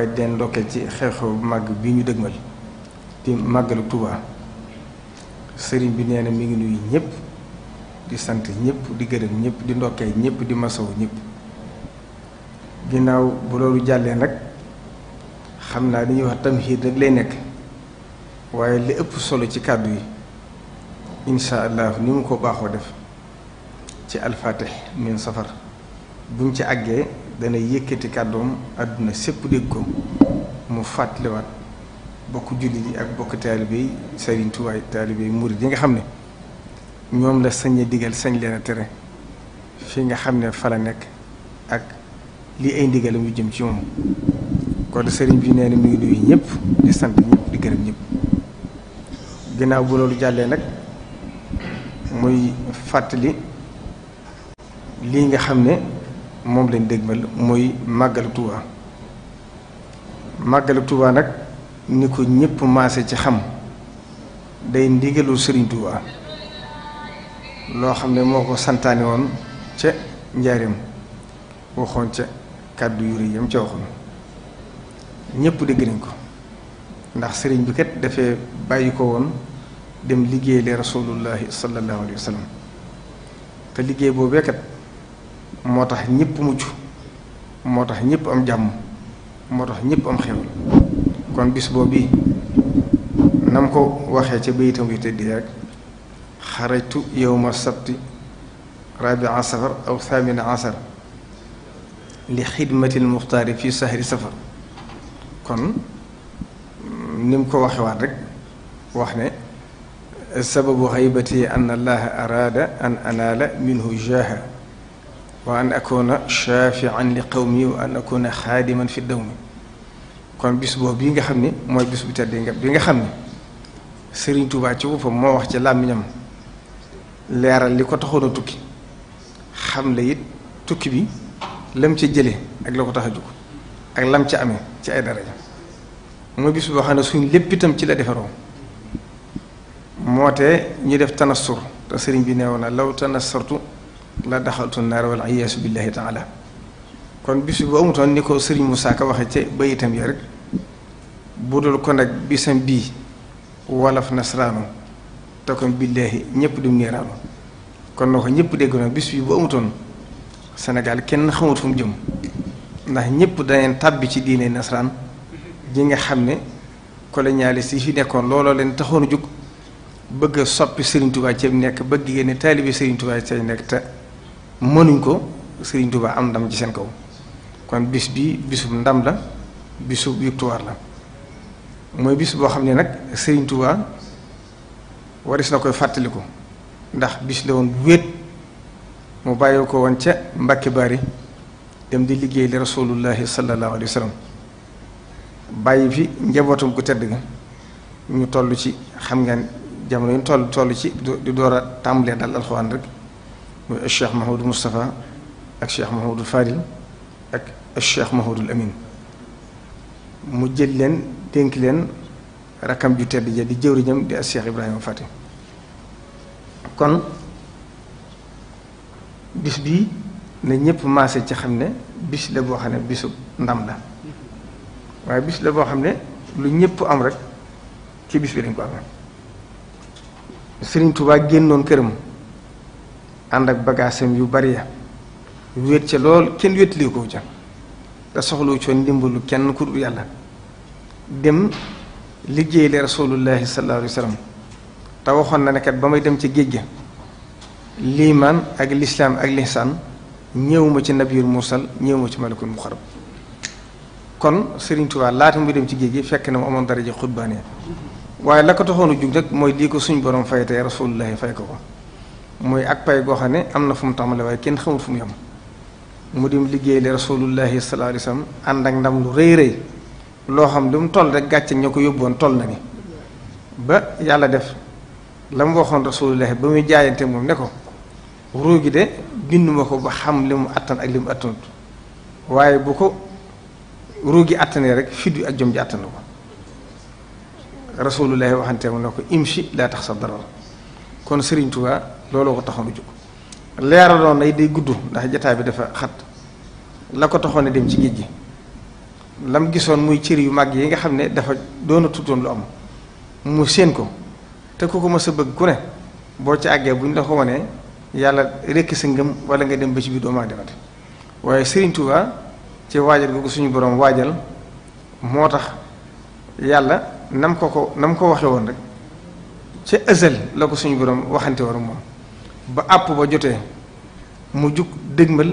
waaye den ndokkee ci xew-xew bu màgg bi ñu dëgmal di màggalu Tuubaa sëriñ bi nee na mi ngi nuyu ñëpp di sant ñëpp di gërëm ñëpp di ndokkee ñëpp di masaw ñëpp ginnaaw bu loolu jàllee nag xam naa li ñuy wax tamxiid nag lay nekk waaye li ëpp solo ci kàddu yi incha allah ni mu ko baaxoo def ci alfatih min safar buñ ci àggee dana yëkkati kàddoom àdduna sépp dégg ko mu fàttaliwaat bokk jullit yi ak bokk taalibe yi Sëriñ Tuubaa taalibe yi yi nga xam ne ñoom la sañ a digal sañ leen tere fi nga xam ne fa nekk ak li ay ndigalam yu jëm ci moom kon sëriñ bi nee na mi ngi nuyu ñëpp di sant ñëpp di gërëm ñëpp ginnaaw bu loolu jàllee nag muy fàttali li nga xam ne moom lañ dégmal muy màggalu Tuuba màggale Tuuba nag ni ko ñëpp maase ci xam day ndigalu Sëriñ Tuuba loo xam ne moo ko santaane woon ca njaareem waxoon ca kàddu yu rëy yam ca waxoon ñëpp dégg ko ndax sëriñ bi kat dafay bàyyi ko woon dem liggéey le rasulullahi sallallahu alayhi wa te liggéey boobee kat moo tax ñëpp mucc moo tax ñëpp am jàmm moo tax ñëpp am xewal kon bis boo bii nam ko waxee ca bayitam yu tëdd rek xarajtu yowma sabti rabia safar aw thamina asar li xidmatil muxtaari fi sahri safar kon ni mu ko waxewaat waat rek wax ne sababu xaybati an allaha araada an anaala minhu jaha wa an akuna shafian li qawmi wa an akuna xaadiman fi dawmi kon bis boobu bii nga xam ni mooy bis bu tedd nga bi nga xam ni Sëriñ Tuubaa ci boppam moo wax ci làmmiñam leeral li ko taxoon tukki xam la it tukki bi lam ci jëlee ak la ko tax a jóg ak lam ci amee ci ay daraja mooy bis boo xam ne suñ lépp itam ci la defaroo moo te ñu def tanassur te sëriñ bi neewoon na law tanassartu la daxaltu naar wal iyaasu billahi taala kon bis bu amutoon ni ko sëriñ mu Ka waxee ci bayitam ya rek bu dul ko nag bisam bii wolof nasraanu te kon billaahi ñëpp dum niiraanu kon na ko ñëpp dégg na bis bi bu amutoon Sénégal kenn xamut fu jëm ndax ñëpp daneen tàbbi ci diine nasaraan ji nga xam ne colonialiste yi fi nekkoon looloo leen taxoon a jóg bëgg a soppi Serigne Touba ci nekk bëgg yéen taalibi Serigne Touba ci nekk te mënuñ ko Serigne Touba am ndam ci seen kaw kon bis bi bisub ndam la bisub victoire la mooy bis boo xam ne nag Serigne Touba waris na koy fàttaliku ndax bis la woon bu wéet mu bàyyi ko woon ca mbakki Bari dem di liggéey li rasulullahi sallallahu alayhi wa sallam bàyyi fi njabootum ku tedd ga ñu toll ci xam ngeen jamono yu tollu toll ci di door a tàmbalee dal alxuraan rek. mooy cheikh Mahoudou Moustapha ak cheikh Mahoudou Fadil ak cheikh Mahoudou Amin mu jël leen dénk leen rakam ju tedd ja di jëwriñam di ak cheikh Ibrahima Fati kon bis bi na ñëpp maase ci xam ne bis la boo xam ne bisu ndam la waaye bis la boo xam ne lu ñëpp am rek ci bis bi dañ ko amee Serigne Touba génnoon këram. ànd ak bagaasam yu bare ya wéet ca lool kenn wéetlee ko ca te soxlu coon ndimbalu kenn ku dul yàlla dem liggéey le rasulullahi sallallahu alayhi te waxoon na ne ba may dem ci géej ga liimaan ak lislaam ak lihsaan ñëwuma ci nabiyul mursal ñëwuma ci malakul muqarrab kon Serigne Touba laata muy dem ci géej gi fekk na mu amoon daraja xutbaane waaye la ko taxoon a jug nag mooy lii ko suñ borom fay tey rasulullahi fay ko ko mooy ak pay goo xam ne am na fu mu tàmbale waaye kenn xamul fu mu yem mu dim liggéey li rasulullahi sallallahu alayhi wasallam ànd ak ndam lu rëy rëy loo xam lu mu toll rek gàcce ñoo ko yóbboon toll na ni yàlla def la mu waxoon rasulullahi ba muy jaayante moom ne ko ruu gi de binduma ko ba xam li mu àttan ak li mu attanut waaye bu ko ruu gi attanee rek fit ak jom ji attan ko rasulullahi waxante mu ne ko imshi laa tax sa darar kon Serigne looloo ko taxoon a jóg leeraloon nay day gudd ndax jataay bi dafa xat la ko taxoon a dem ci géej gi lam gisoon muy cër yu mag yi nga xam ne dafa doon a lu am mu séen ko te ku ko mës a bëgg ku ne boo ci àggee bu ñu la ko wanee yàlla rekk sa ngëm wala nga dem ba ci biir doomaa demate waaye Serigne Touba ci waajal ko suñu boroom waajal moo tax yàlla nam ko ko nam ko waxe woon rek ci ësal la ko suñu borom waxante war moom ba àpp ba jotee mu jug dëgmal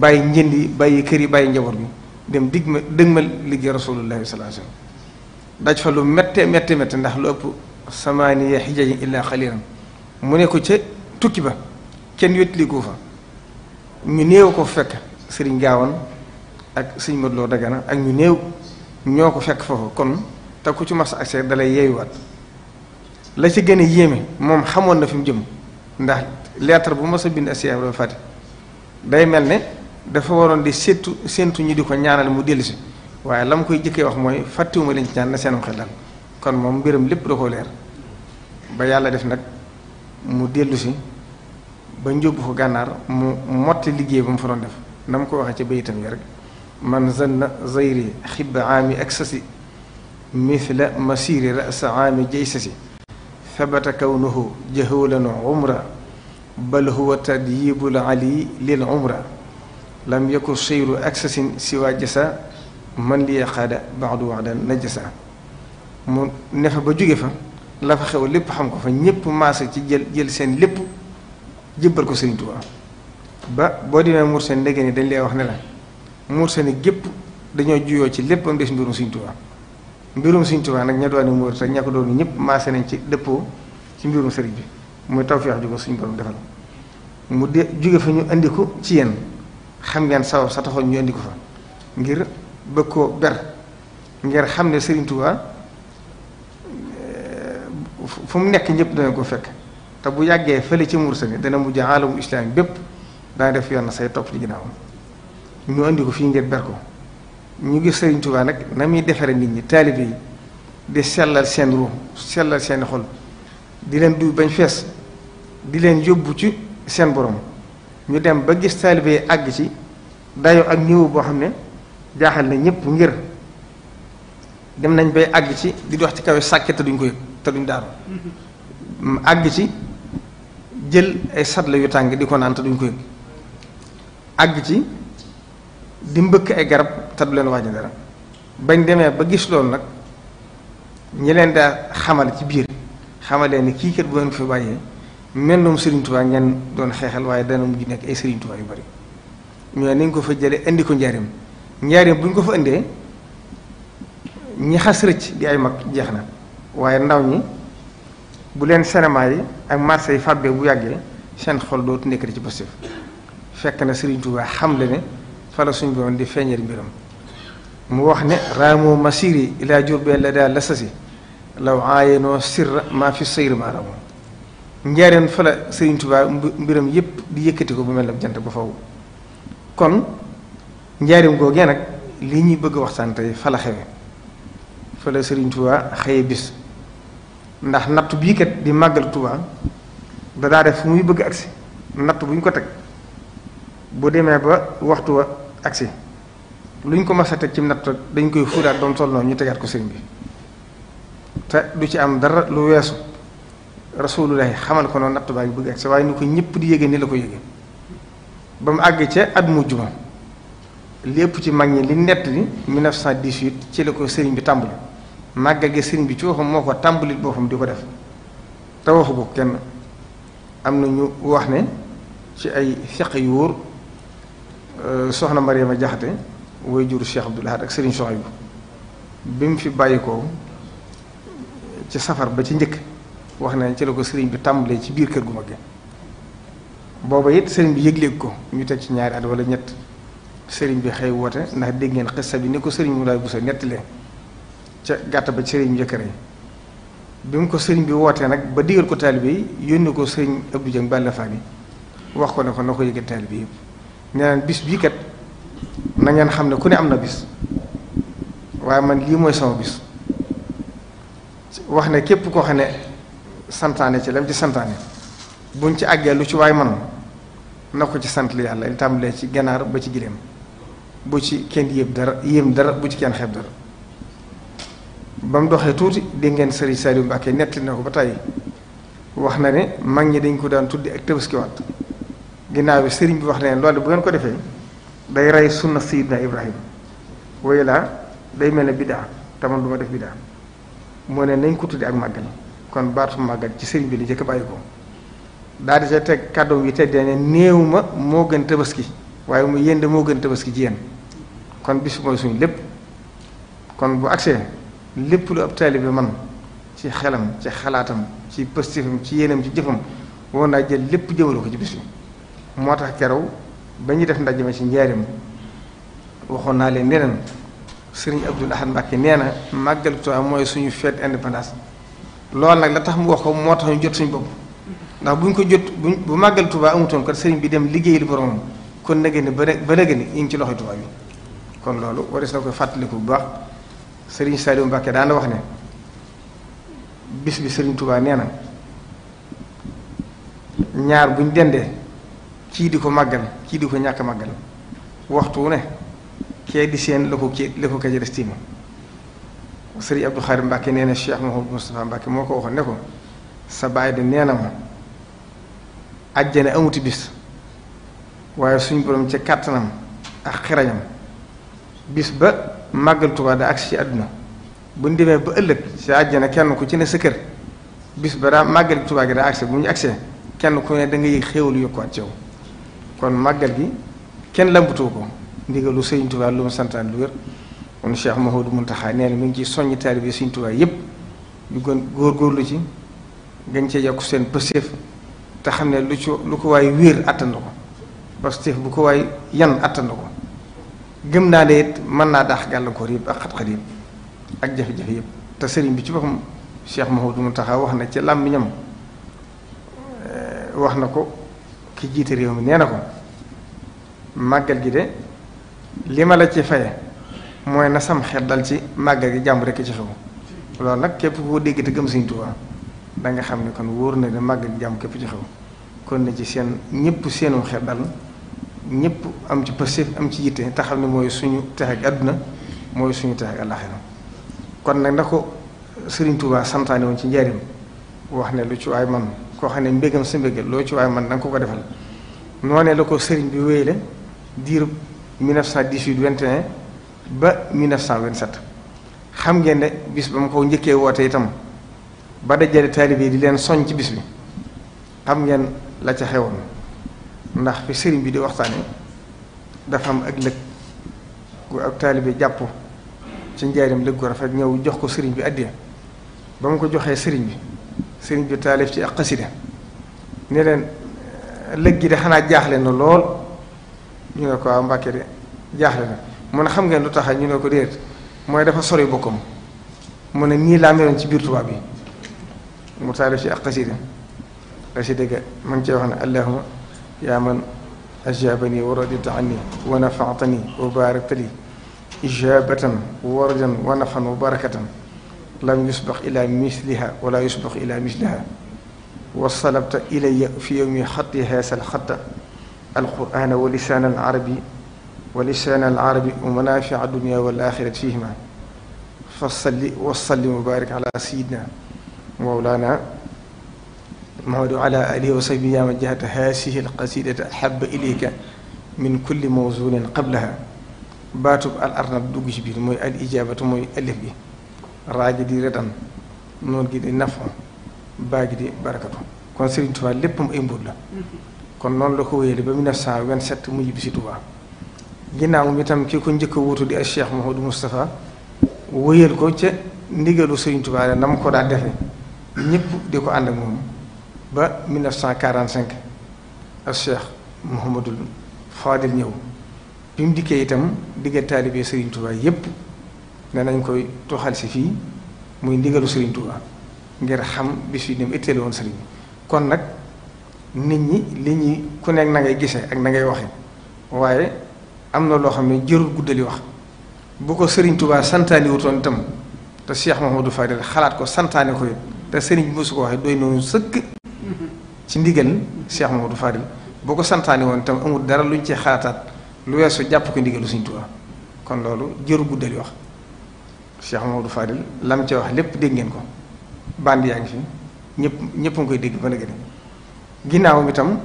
bàyyi njënd yi bàyyi kër yi bàyyi njaboot bi dem digma dëgmal liggéey rasulullahi sallallahu alayhi wasallam daj fa lu métte métte métte ndax lu ëpp samaaniya xijajin illaa xaliran mu ne ko ca tukki ba kenn wétliku fa ñu néew ko fekk sëriñ gaawan ak sëñ Modou Lo Dagana ak ñu néew ñoo ko fekk foofu kon te ku ci mas accès dalay yeeyuwaat la ci gën a yéeme moom xamoon na fi mu jëm ndax lettre bu mos a bind Cheikh Ibrahima Fati day mel ne dafa waroon di séntu séntu ñu di ko ñaanal mu dellusi waaye la mu koy jëkkee wax mooy fàttewuma leen ci ñaan na seenum xel daal kon moom mbiram lépp da koo leer ba yàlla def nag mu dellu si ba njóbbu ko gànnaar mu motti liggéey ba mu fa doon def na mu ko waxee ca bayitam yi rek man zanna zayri xibba aami aksasi mithla masiri rasa aami jaysasi tabata kawnuhu jahulan umra bal huwa tadyibul ali lil umra lam yakun seyru aksasin siwa jasa man li yaqaada baadu waxdan najasa mu ne fa ba jóge fa la fa xew lépp xam ko fa ñépp maase ci jël jël seen lépp jëbal ko Sëriñ Tuubaa ba boo demee Mauritanie ndege ni dañ lay wax ne la Mauritanie gépp dañoo juyoo ci lépp am des mbirum Sëriñ Tuubaa mbirum Sëriñ Tuubaa nag ña doon murit sa ña ko doon ñëpp maase nañ ci dëppoo ci mbirum sëriñ bi muy tawfeex ju ko suñu borom defal mu de jóge fa ñu indi ci yéen xam ngeen sabab sa taxoon ñu indi ko fa ngir bëgg koo ber ngir xam ne Sëriñ Tuubaa eh, fu nekk ñëpp dana ko fekk te bu yàggee fële ci mursani dana mujj alamu islam bépp dana def yoon na say topp ci ginnaawam ñu indi ko fii ngir ber ko ñu gis Sëriñ tubaa nag na muy defaree nit ñi taalibe yi di sellal seen ruux sellal seen xol di leen du bañ fees di leen yóbbu ci seen boroom ñu dem ba gis taalibe àgg ci dayo ak niveau boo xam ne jaaxal na ñëpp ngir dem nañ bay àgg ci di dox ci kawe sàkke te duñ ko yëg te duñ daaru mm-hmm. àgg ci jël ay satla yu tàng di ko naan te duñ ko yëg àgg ci di mbëkk ay garab te du leen wàññi dara bañ demee ba gis loolu nag ñi leen daa xamal ci biir xamalee ni kii kër bu ngeen fi bàyyee mennum Serigne Touba ngeen doon xeexal waaye dana mujj nekk ay Serigne Touba yu bari ñooy nañ ko fa jëlee indi ko njaarim njaarim bu ñu ko fa indee ñi xas rëcc di ay mag jeex na waaye ndaw ñi bu leen cinéma yi ak marché yi fàbbee bu yàggee seen xol dootu nekk ci positif fekk na Serigne Touba xam le ne fa la suñu borom di feeñal mbiram. mu wax ne raamoo masiri ilaa jurbeel la daal la sasi law aayenoo sirra maa fi sayri ma raamoo njaareen fa la Sëriñ Tuubaa mbiram yépp di yëkkati ko bu mel ne jant bu faw kon njaarim googee nag li ñuy bëgg waxtaan tey fa la xewe fa la Sëriñ Tuubaa xëye bis ndax nattu bii kat di màggal Tuubaa da def fu muy bëgg agsi nattu bu ñu ko teg bu demee ba waxtu wa agsi lu luñ ko mas a teg ci natt dañ koy fuuraat doon toll noonu ñu tegaat ko sëriñ bi te du ci am dara lu weesu rasulullahi xamal ko noonu natt baa ngi bëgg ak sa waaye ni ko ñëpp di yéege ni la ko yéege ba mu àgg ca at mujj ma lépp ci mag ñi li nett li 1918 ci la ko sëriñ bi tàmbali màggal ge sëriñ bi ci waxam moo ko tàmbali boppam di ko def te waxu ko kenn am na ñu wax ne ci ay feq yu wóor euh, soxna Mariama Jaxate way juru Cheikh Abdoul Ahad sëriñ Serigne Souhaïbou bi mu fi bàyyi ko ci safar ba ci njëkk wax nañ ci la ko Serigne bi tàmbalee ci biir kër gu mag booba it Serigne bi yëgleeg ko ñu teg ci ñaari at wala ñett sëriñ bi xëy woote ndax dégg ngeen xissa bi ni ko Serigne Moulay Bousso nettalee ca gàtt ba ci Serigne bi njëkkër bi mu ko sëriñ bi woote nag ba digal ko taalibe yi yónni ko Serigne Abdou Dieng Balla Fani wax ko ne ko na ko yëgal taalibe yi nee na ngeen xam ne ku ne am na bis waaye man lii mooy sama bis wax ne képp koo xam ne santaane ci lam ci santaane buñ ci àggee lu ci waay manoon na ko ci sant li yàlla li tàmbalee ci ganaar ba ci giléem bu ci kenn yéem dara yéem dara bu ci kenn xeeb dara ba mu doxee tuuti dégg ngeen Serigne Saliou Mbacké nettali na ko ba tey wax na ne mag ñi dañ ko daan tuddi ak tabaskiwaat ginnaaw bi Serigne bi wax na ne loolu bu ngeen ko defee day rey sunna sayidna ibrahim way laa day mel ne bidaa te man du def bidaa moo ne nañ ko tudde ak màggal kon baatu màggal ci sëriñ bi li njëkk bàyyi ko daal di sa teg kàddoom yi teg ne néew ma moo gën tabaski waaye mu yéen de moo gën tabaski jiyéen kon bis mooy suñu lépp kon bu agsee lépp lu ab bi man ci xelam ci xalaatam ci pëstifam ci yéenam ci jëfam war naa jël lépp jëmale ko ci bis bi moo tax keroog ba ñuy def ndaje ma ci njaarim waxoon naa leen neneen sëriñ Abdul Ahad Mbàkke nee na màggal Tuubaa mooy suñu fête indépendance loolu nag la tax mu wax ko moo tax ñu jot suñu bopp ndax bu ñu ko jot bu bu màggal Tuubaa amutoon kat sëriñ bi dem liggéeyal boromam kon nag ne ba ba nag ne ci loxo Tuubaa bi kon loolu waris na koy fàttaliku bu baax sëriñ Saliou Mbàkke daana wax ne bis bi sëriñ Tuubaa nee na ñaar bu ñu dendee kii di ko màggal kii di ko ñàkk màggal waxtu wu ne kee di seen la ko kii la ko kajares tiima sëriñ Abdou Khadre Mbacke nee na Cheikh Mouhamadou Moustapha moo ko waxoon ne ko sa baay de nee na ma àjjana amuti bis waaye suñ borom ca kàttanam ak xirañam bis ba màggal Tuubaa da agsi ci àdduna bu ñu demee ba ëllëg ci àjjana kenn ku ci ne sa kër bis ba daa màggal Tuubaa gi daa agsi bu ñu agsee kenn ku ne da ngay xéewal yokkuwaat kon màggal gi kenn lambutoo ko ndigalu Sëriñ Tuubaa lu mu santaan lu wér kon Cheikh Mouhamadou Mountakha nee na mu ngi ci soññi taalibe Sëriñ Tuubaa yépp ñu góor góorgóorlu ci gën cee yokk seen pësteef te xam ne lu ci lu ko waay wéer àttan na ko pësteef bu ko waay yan àttan na ko gëm naa ne it mën naa daax gàllankoor yëpp ak xat-xat yëpp ak jafe-jafe yëpp te sëriñ bi ci boppam Cheikh Mouhamadou Mountakha wax na ci làmmiñam eh, wax na ko ki jiite réew mi nee na ko màggal gi de li ma la ci faye mooy na sam xel dal ci màggal gi jàmm rekk ci xew loolu nag képp koo dégg te gëm Sëriñ Tuubaa da nga xam ne kon wóor na ne màggal gi képp ci xew kon na ci seen ñëpp seenu xel dal ñëpp am ci pëstéef am ci yitte te xam ne mooy suñu texe ak àdduna mooy suñu texe ak kon nag na ko Sëriñ Tuubaa santaane woon ci njariñ wax ne lu ci ay man koo xam ne mbégam sa mbégal loo ci waaye man na nga ko ko defal noonee la ko sëriñ bi wéyale diirub 1918 21 ba 1927 xam ngeen ne bis ba mu ko njëkkee woote itam ba dajale taalibe di leen soñ ci bis bi xam ngeen la ca xewoon ndax fi sëriñ bi di waxtaane dafa am ak lëg gu ak taalibe jàpp ci njaarim lëg ko rafet ñëw jox ko sëriñ bi addiya ba mu ko joxee sëriñ bi sëriñ bi taalif ci ak xasida ne leen lëg gi de xanaa jaaxle na lool ñu ne ko waaw Mbàkke de jaaxle na mu ne xam ngeen lu tax ñu ne ko déet mooy dafa sori bokkam mu ne nii laa meloon ci biir tubaab bi mu taalif ci ak xasida xasida ga ma ngi cee wax ne allahuma yaa man ajabani wa radita anni wa nafaatani wa baarakta li ijabatan wa warajan wa nafan wa barakatan lam yusbax ila misliha wala yusbax ila misliha wasalabta ilaya fi yowmi xatti heesal xatta alqurana wa lisaan alarabi wa lisaan alarabi wa manafia dunia wal axirat fihima fa salli wasallim wa barik ala sayidina mawlana Muhammad wa ala alihi wa sahbihi yaama jahata haasihi alqasidata ahaba ilayka min kulli mawzunin qablaha baatub al arnab dugg ci biir mooy al ijaabatu mooy alif bi raa ji di redan noonu gi di nafa baa gi di barakatu kon Serigne Touba léppam ay mbóot la kon noonu la ko wéyale ba 1927 mu ñibbi si Touba ginnaaw mi tam ki ko njëkk a wuutu di ay Cheikh Mouhamadou Moustapha wéyal ko ca ndigalu Serigne na ko daa defe ñëpp di ko ànd ak moom ba 1945 ak Cheikh Mouhamadou Fadil ñëw bi mu dikkee itam diggante taalibe Serigne Touba yépp ne nañ koy tuxal si fii muy ndigalu Serigne Touba ngir xam bi yi dem itteel woon Serigne kon nag nit ñi li ñuy ku nekk na ngay gisee ak na ngay waxe waaye am na loo xam ne jërul guddali wax bu ko sëriñ Touba santaani wutoon itam te Cheikh Mahamadou Fadil xalaat ko santaane ko it te Serigne bi su ko waxee doy noonu sëkk ci ndigal Cheikh Mahamadou Fadil boo ko santaane woon itam amul dara luñ ci xalaataat lu su jàpp ko ndigalu Serigne Touba kon loolu jërul guddali wax. Cheikh Mamadou Fadil lam ca wax lépp dégg ngeen ko band yaa ngi fi ñëpp ñëpp nga koy dégg ba léegi ginnaaw itam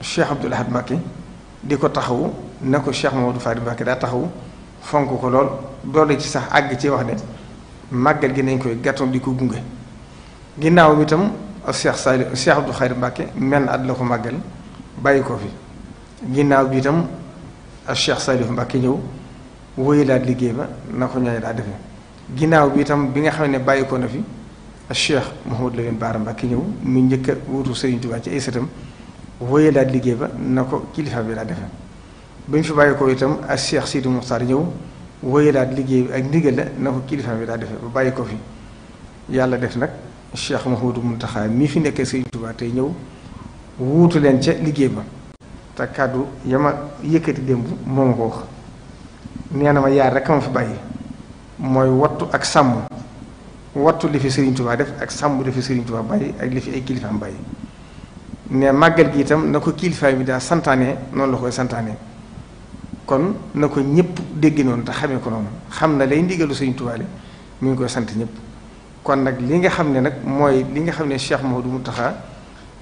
Cheikh Abdoul Ahad Mbacké di ko taxawu na ko Cheikh Mamadou Fadil daa taxawu fonk ko lool doole ci sax àgg ci wax ne màggal gi nañ koy gàttoon di ko gunge ginnaaw itam Cheikh Saliou Cheikh Abdou Khadre Mbacké menn at la ko màggal bàyyi ko fi ginnaaw bi itam ak Cheikh Saliou Mbacké ñëw wóyulaat liggéey ba na ko ñooy daa defee ginnaaw bi itam bi nga xam ne bàyyi ko na fi Cheikh Mouhamadou Lamine ñëw mu njëkk a wuutu Serigne ci ay sëtam wóyee daal liggéey ba na ko kilifa bi daa defee ba ñu fi itam ak Cheikh Sidi Moukhtar ñëw wóyee daal liggéey bi ak ndigal na ko kilifa bi daa defee ba bàyyi ko fi yàlla def nag Cheikh Mouhamadou Mountakha mii fi nekkee Serigne Touba tey ñëw wuutu leen ca liggéey ba. te kàddu yama yëkkati démb moo ma ko wax ma yaar rek ma fi bàyyi. mooy wattu ak sàmm wattu li fi Serigne Touba def ak sàmm li fi Serigne Touba bàyyi ak li fi ay kilifaam bàyyi ne màggal gi itam na ko kilifaay bi daa santaane noonu la koy santaane kon na ko ñëpp dégg noonu te xamee ko noonu xam na lay ndigalu Serigne Touba le mi ngi koy sant ñëpp kon nag li nga xam ne nag mooy li nga xam ne du mu Mountakha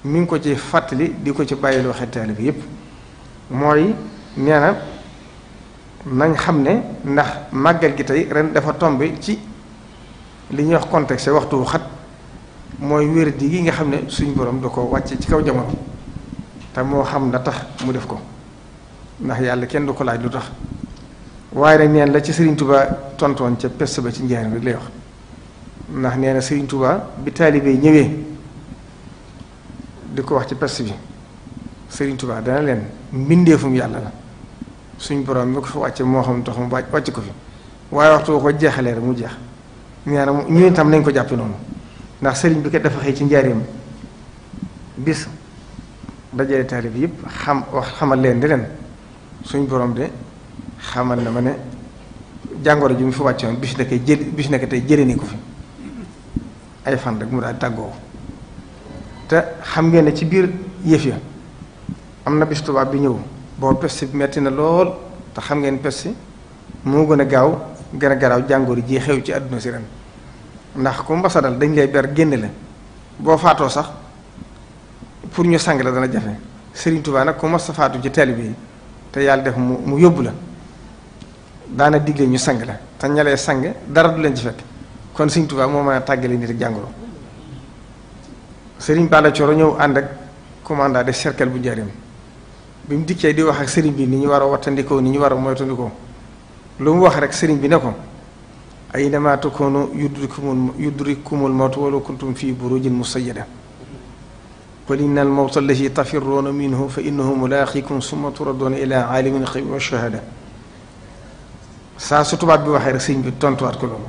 mu ngi ko ci fàttali di ko ci bàyyiloo xel taalibe bi yëpp mooy nee na nañ xam ne ndax màggal gi tey ren dafa tombe ci li ñuy wax contexte waxtu wu xat mooy wér di gi nga xam ne suñ borom da ko wàcce ci kaw jamono te moo xam na tax mu def ko ndax yàlla kenn du ko laaj lu tax waaye nag neen la ci sëriñ Touba tontoon ca peste ba ci njëriñ rek lay wax ndax nee na tubaa Touba bi taalibe ñëwee di ko wax ci pest bi sëriñ tubaa dana leen mbindeefum yàlla la. suñ borom mi ko fi wàcce moo xam tax mu wàcc ko fi waaye waxtu ko jeexalee rek mu jeex ñaar ñu itam nañ ko jàppe noonu ndax sëriñ bi kat dafa xëy ci njaareem bis dajale taalib yëpp xam wax xamal leen di leen suñ borom de xamal na ma ne jàngoro ji mu fi wàcce woon bis nekkee jël bis nekkee tey jëlee ni ko fi ay fan rek mu daal tàggoo te xam ngeen ne ci biir yëf ya am na bis tubaab bi ñëw boobu peste bi metti na lool te xam ngeen peste moo gën a gaaw gën a garaaw jàngoor ji xew ci àdduna si ren ndax ku mbasa dañ lay ber génn la boo faatoo sax pour ñu sang la dana jafe Serigne Touba nag ku mas a faatu ci teel bi te yàlla def mu mu yóbbu la daana digle ñu sang la te ñalee sang dara du leen ci fekk kon Serigne Touba moo mën a tàggale nit ak jàngoro Serigne Balla Coro ñëw ànd ak commandant de cercle bu njëriñ. bi mu dikkee di wax ak sëriñ bi ni ñu war a wattandikoo ni ñu war a moytandikoo lu mu wax rek sëriñ bi ne ay aynama takunu yudrikumul yudrikumul mawtu walaw kuntum fi burujin musayyada qul inna al mawta allazi tafirruuna minhu fa innahu mulaaqikum summa turadduuna ila aalimin al-ghaybi wa shahaada saa tubaab bi waxee rek sëriñ bi tontuwaat ko loolu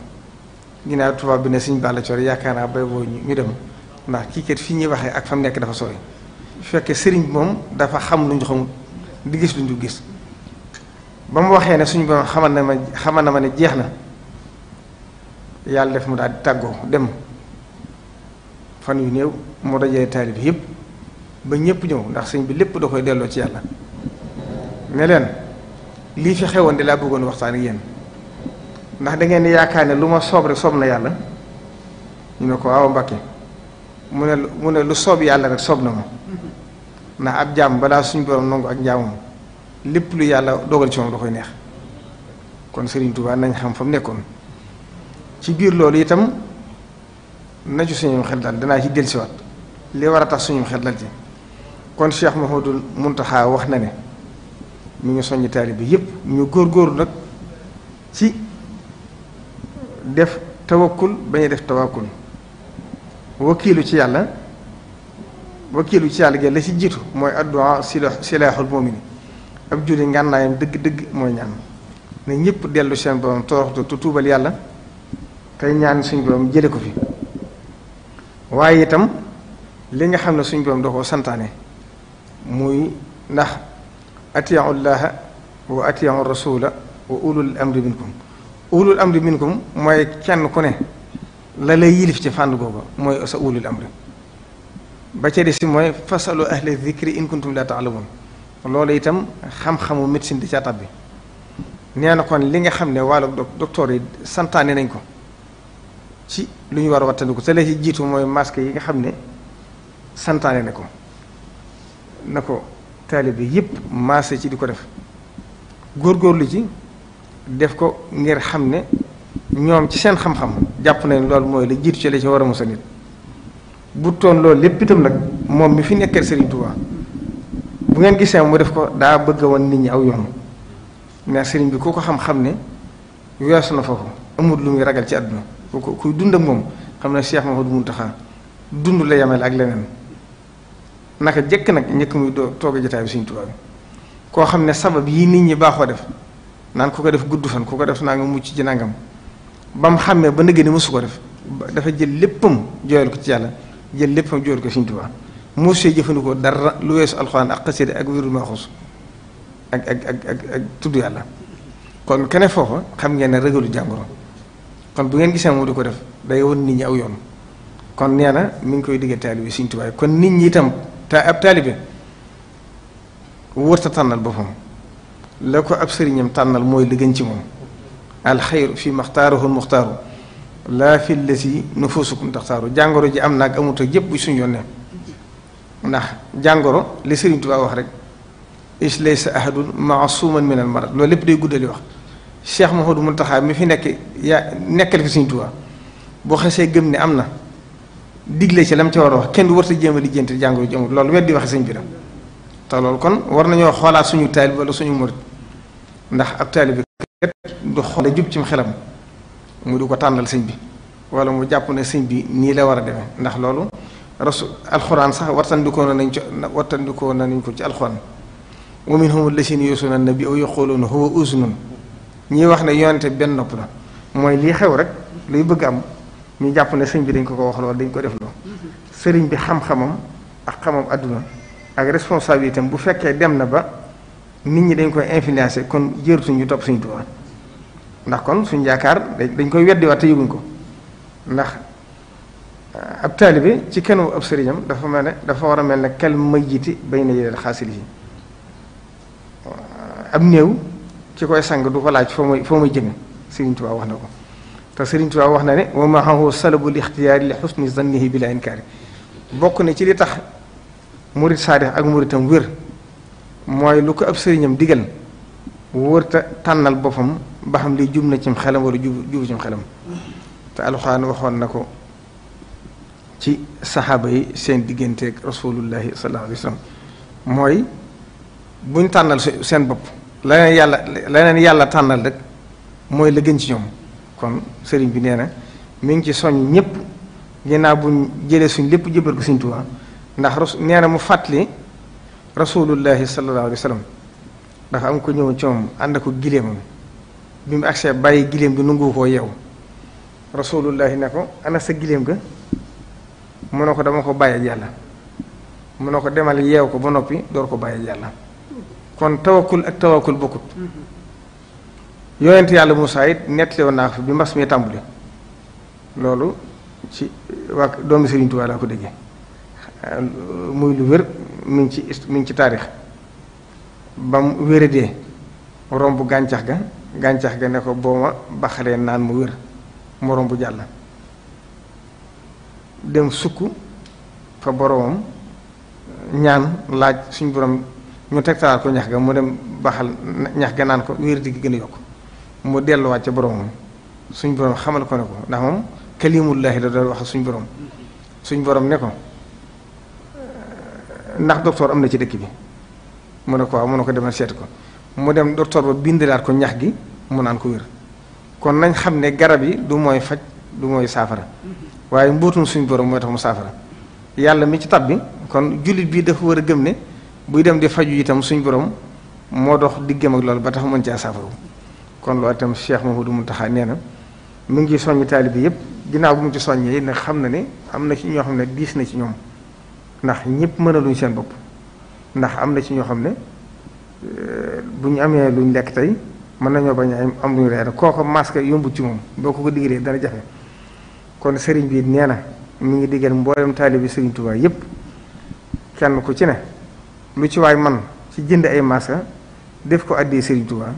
ginnaaw tubaab bi ne sëriñ Balla Coor yaakaar naa bay boo ñu dem ndax kii kat fi ñuy waxee ak fa mu nekk dafa sori fekke sëriñ bi moom dafa xam lu ñu di gis lu ñu gis ba mu waxee ne suñu borom xamal na ma xamal na ma ne jeex na yàlla def mu daal di tàggoo dem fan yu néew moo dajee taalib yëpp ba ñëpp ñëw ndax sëñ bi lépp doo koy delloo ci yàlla ne leen lii fi xewoon di laa bëggoon waxtaan ak yéen ndax da ngeen di yaakaar ne lu ma soob rek soob na yàlla ñu ne ko waaw Mbàkke mu ne mu ne lu soob yàlla rek soob na ma ndax ab jaam balaa suñ borom nangu ak njaamam lépp lu yàlla dogal ci moom da koy neex kon Serigne Touba nañ xam fa mu nekkoon ci biir loolu itam na ci suñu xel dal danaa ci dellusiwaat li war a tax suñu xel dal ci kon Cheikh Mouhamadul taxaa wax na ne mu ngi soññ taalibe bi yëpp ñu góor nag ci def tawakkul ba a def tawakkul wakiilu ci yàlla. wakiilu ci yàlla gi la si jiitu mooy addu'a silaaxul mu'min ab julli ngànnaayam dëgg-dëgg mooy ñaan ne ñëpp dellu seen borom toroxtu tuubal yàlla tey ñaan suñ borom jële ko fi waaye itam li nga xam ne suñ borom da koo santaane muy ndax atii'u llaaha wa atii'u rasuula wa ulul amri minkum ulul amri minkum mooy kenn ku ne la lay yilif ci fànn googu mooy sa ulul amri ba ca des mooy fasalu ahla dhikri in kuntum la ta'lamun loolu itam xam-xamu médecine di ca bi nee na kon li nga xam ne wàllu docteur yi santaane nañ ko ci lu ñu war a wattandiku te la ci jiitu mooy masque yi nga xam ne santaane na ko na ko taalibe yëpp masque ci di ko def góor góorlu ci def ko ngir xam ne ñoom ci seen xam-xam jàpp nañ loolu mooy la jiitu ci la ci war a musal nit bu toon loolu lépp itam nag moom mi fi nekkee Serigne Touba bu ngeen gisee mu def ko daa bëgg woon nit ñi aw yoon mais Serigne bi koo ko xam-xam ne weesu na foofu amul lu muy ragal ci àdduna ku kuy dund ak moom xam ne Cheikh Mouhamadou Mountakha dund la yemale ak leneen naka jëkk nag njëkk muy doo toog a bi Serigne Touba koo xam ne sabab yi nit ñi baaxoo def naan ku ko def gudd fan ku ko def naa nga mucc ci nangam ba mu xàmmee ba nëgë ni mësu ko def dafa jël léppam jooyal ko ci yàlla. jël léppam joor ko Sëriñ Tuubaa mos see jëfandikoo dara lu weesu alxuraan ak xasida ak wérul maxus ak ak ak ak ak tudd yàlla kon kene foofa xam ngeen ne rëgalu jàngoro kon bu ngeen gisee moom di ko def day won nit ñi aw yoon kon nee na mi ngi koy digge taalibe Sëriñ Tuubaa kon nit ñi itam ta ab taalibe wërta tànnal boppam la ko ab sëriñam tànnal mooy li gën ci moom alxayru fi maxtaaruhu muxtaaru laa fi lesi nufusukum taxtaaru jàngoro ji am naag amut ak yëpp bu suñu yónnee ndax jàngoro li Sëriñ Tuubaa wax rek is laysa ahadun maasuman min al marad loolu lépp day guddali wax Cheikh Mouhamadou taxaar mi fi nekk yaa nekkal fi Sëriñ Tuubaa boo xasee gëm ne am na digle ci lam ca war a wax kenn du warta jéem a lijjanti jàngoro ji amul loolu weddi waxe sëñ sañ la te loolu kon war nañoo xoolaat suñu taalib wala suñu murit ndax ab bi kat du xool jub ci xelam mu di ko tànnal sëñ bi wala mu jàpp na sëñ bi ñii la war a demee ndax loolu rasul alxuraan sax wattandikoo nañ ci wattandikoo nañ ko ci alxuraan wa minhum allaziina yu'zuuna nabiyya wa yaquuluuna huwa uzunun ñii wax ne yonente benn nopp la mooy lii xew rek luy bëgg am ñu jàpp ne sëñ bi dañ ko ko wax loolu dañ ko def loo sëriñ bi xam-xamam ak xamam àdduna ak responsabilité bu fekkee dem na ba nit ñi dañ koy influencer kon jërtuñ ñu topp Sëñ Tuubaa ndax kon suñ yaakaar dañ koy weddiwaat te yëguñ ko ndax euh, ab taalibe ci kenn ab sëriñam dafa mel ne dafa war a mel ne kal mayyiti bayna yadayhi xaasilihi euh, ab néew ci koy sang du ko laaj foo muy foo muy jëme Sëriñ Tuubaa wax na ko te Sëriñ Tuubaa wax na ne wa maahu salabul ixtiyaari li xusni zannihi bila inkaari bokk na ci li tax murit saadix ak muritam wér mooy lu ko ab sëriñam digal wërta tànnal boppam ba xam li jub na cim xelam wala jub jubu cim xelam te alxuraan waxoon na ko ci saxaaba yi seen digganteeg rasulullahi sallallahu alayhi wa sallam mooy buñ tànnal seen bopp leneen yàlla leneen yàlla tànnal rek mooy la gën ci ñoom kon sëriñ bi nee na mi ngi ci soñ ñëpp ginnaaw buñ jëlee suñ lépp jëbal ko suñ ndax nee na mu fàttali rasulullahi sallallahu alayhi wa sallam ndax am ko ñëw ci moom ànd ak gileemam bi mu agsee bàyyi gileem gi nungu koo yeew rasulullahi ne ko ana sa gileem ga mu ne ko dama ko bàyyi yàlla mu ne ko demal yeew ko ba noppi door ko bàyyi yàlla kon tawakkul ak tawakkul bokkut yonent yàlla Moussa it nettalewoon naa fi bi mbas mi tàmbali loolu ci waa doomi Serigne Touba laa ko déggee muy lu wér mi ci mi ngi ci taarix ba mu wéradee romb gàncax ga gàncax ga ne ko boo ma baxalee naan mu wér mu bu jàll dem sukk fa boroomam ñaan laaj suñ borom ñu teg tegtalaat ko ñax ga mu dem baxal ñax ga naan ko wéradi gi gën a yokk mu delluwaat ca boroomam suñ borom xamal ko ne ko ndax moom kalimullahi la doon wax suñ borom suñ borom ne ko ndax docteur am na ci dëkk bi mu ne ko waaw mu ne ko demal seet ko mu dem docteur ba laat ko ñax gi mu naan ko wér kon nañ xam ne garab yi du mooy faj du mooy saafara waaye mbuutum suñu borom mooy tax mu saafara yàlla mi ci tab bi kon jullit bi dafa war a gëm ne buy dem di faju itam suñu borom moo dox diggam ak loolu ba tax mën cee saafaru kon loolu itam Cheikh Mouhamadou Mountakha nee na mu ngi soññ taalibe yëpp ginnaaw bu mu ci soññee nag xam na ne am na ci ñoo xam ne diis na ci ñoom ndax ñëpp mënaluñ seen bopp. ndax am na ci ñoo xam ne euh, bu ñu amee luñ lekk tey mën nañoo bañ am luñ reer kooko masque yombut ci moom boo ko ko diggalee dana jafe kon sëriñ bi nee na mu ngi diggal mboolem taalibi sëriñ Tuubaa yépp kenn ku ci ne lu ci waay man ci jënd ay masque def ko àddee sëriñ Tuubaa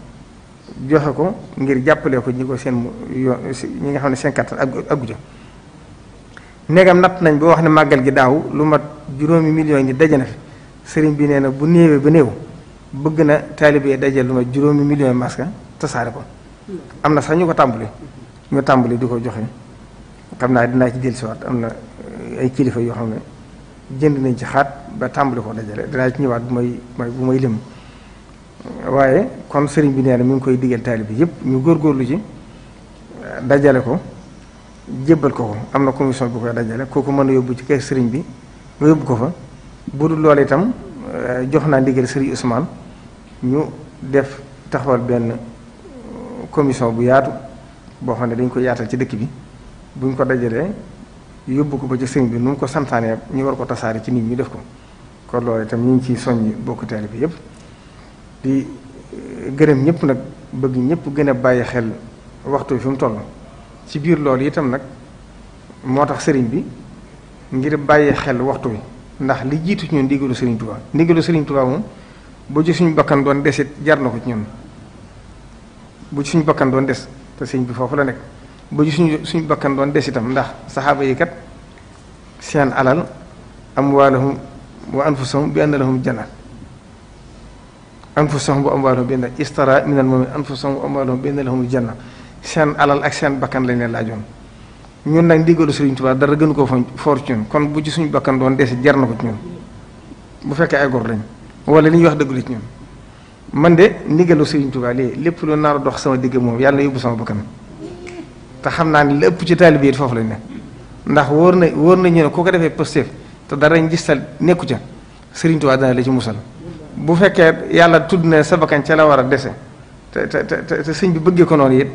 joxe ko ngir jàppale ko ñi ko seen yo ñi nga xam ne seen kattan ak agguja néegam natt nañ boo wax ne màggal gi daaw lu mat juróomi million yi daje na fi sëriñ bi nee na bu néewee ba néew bëgg na taalibe dajal lu ma juróomi million masque tasaare ko am na sax ñu ko tàmbali ñu tàmbali di ko joxe xam naa dinaa ci dellusiwaat am na eh, ay kilifa yoo xam ne jënd nañ ci xaat ba tàmbali ko dajale dinaa ci ñëwaat bu may bu may lim waaye kon sëriñ bi nee na mi ngi koy digal taalibe yëpp ñu góor góorlu ci eh, dajale ko jébbal ko ko am na commission bu koy dajale kooku mën a yóbbu ci kër sëriñ bi nga yóbbu ko fa. bu lool loolu itam euh, jox naa ndigal Serigne Ousmane ñu def taxawal benn euh, commission bu yaatu boo xam ne dañ ko yaatal ci dëkk bi buñ ko dajalee yóbbu ko ba ci sëñ bi nu mu ko santaanee ñu war ko tasaare ci nit ñi def ko kon loolu itam ñu ngi ciy soññ bokk teel bi yëpp di euh, gërëm ñëpp nag bëgg ñëpp gën a bàyyi xel waxtu wi fi mu toll ci biir lool itam nag moo tax sëriñ bi ngir bàyyi xel waxtu wi. ndax li jiitu ñu ñun ndigalu Serigne Touba ndigalu Serigne Touba moom bu suñu bakkan doon desit jar na ko ci ñun bu suñu bakkan doon des te sëñ bi foofu la nekk bëj ci suñu suñu bakkan doon des itam ndax saxaaba yi kat seen alal am wa anfusahum bi anna lahum janna anfusahum wa amwaalahum bi anna istara minal mu'minin anfusahum wa amwaalahum bi anna lahum janna seen alal ak seen bakkan lañ leen laajoon ñun nag ndigalu Sëriñ Tuubaa dara gën koo for ci ñun kon bu ci suñu bakkan doon dese jar na ko ci ñun bu fekkee ay góor lañ wala li ñuy wax dëgg la ci ñun man de ndigalu Sëriñ Tuubaa lii lépp lu nar dox sama digg moom yàlla na yóbbu sama bakkan te xam naa ne lépp ci taalibe yi foofu lañ ne ndax wóor na wóor na ñu ne koo ko defee positif te dara ñu gisal nekku ca Sëriñ Tuubaa dana la ci musal bu fekkee yàlla tudd na sa bakkan ca la war a dese te te te bi bëggee ko noonu it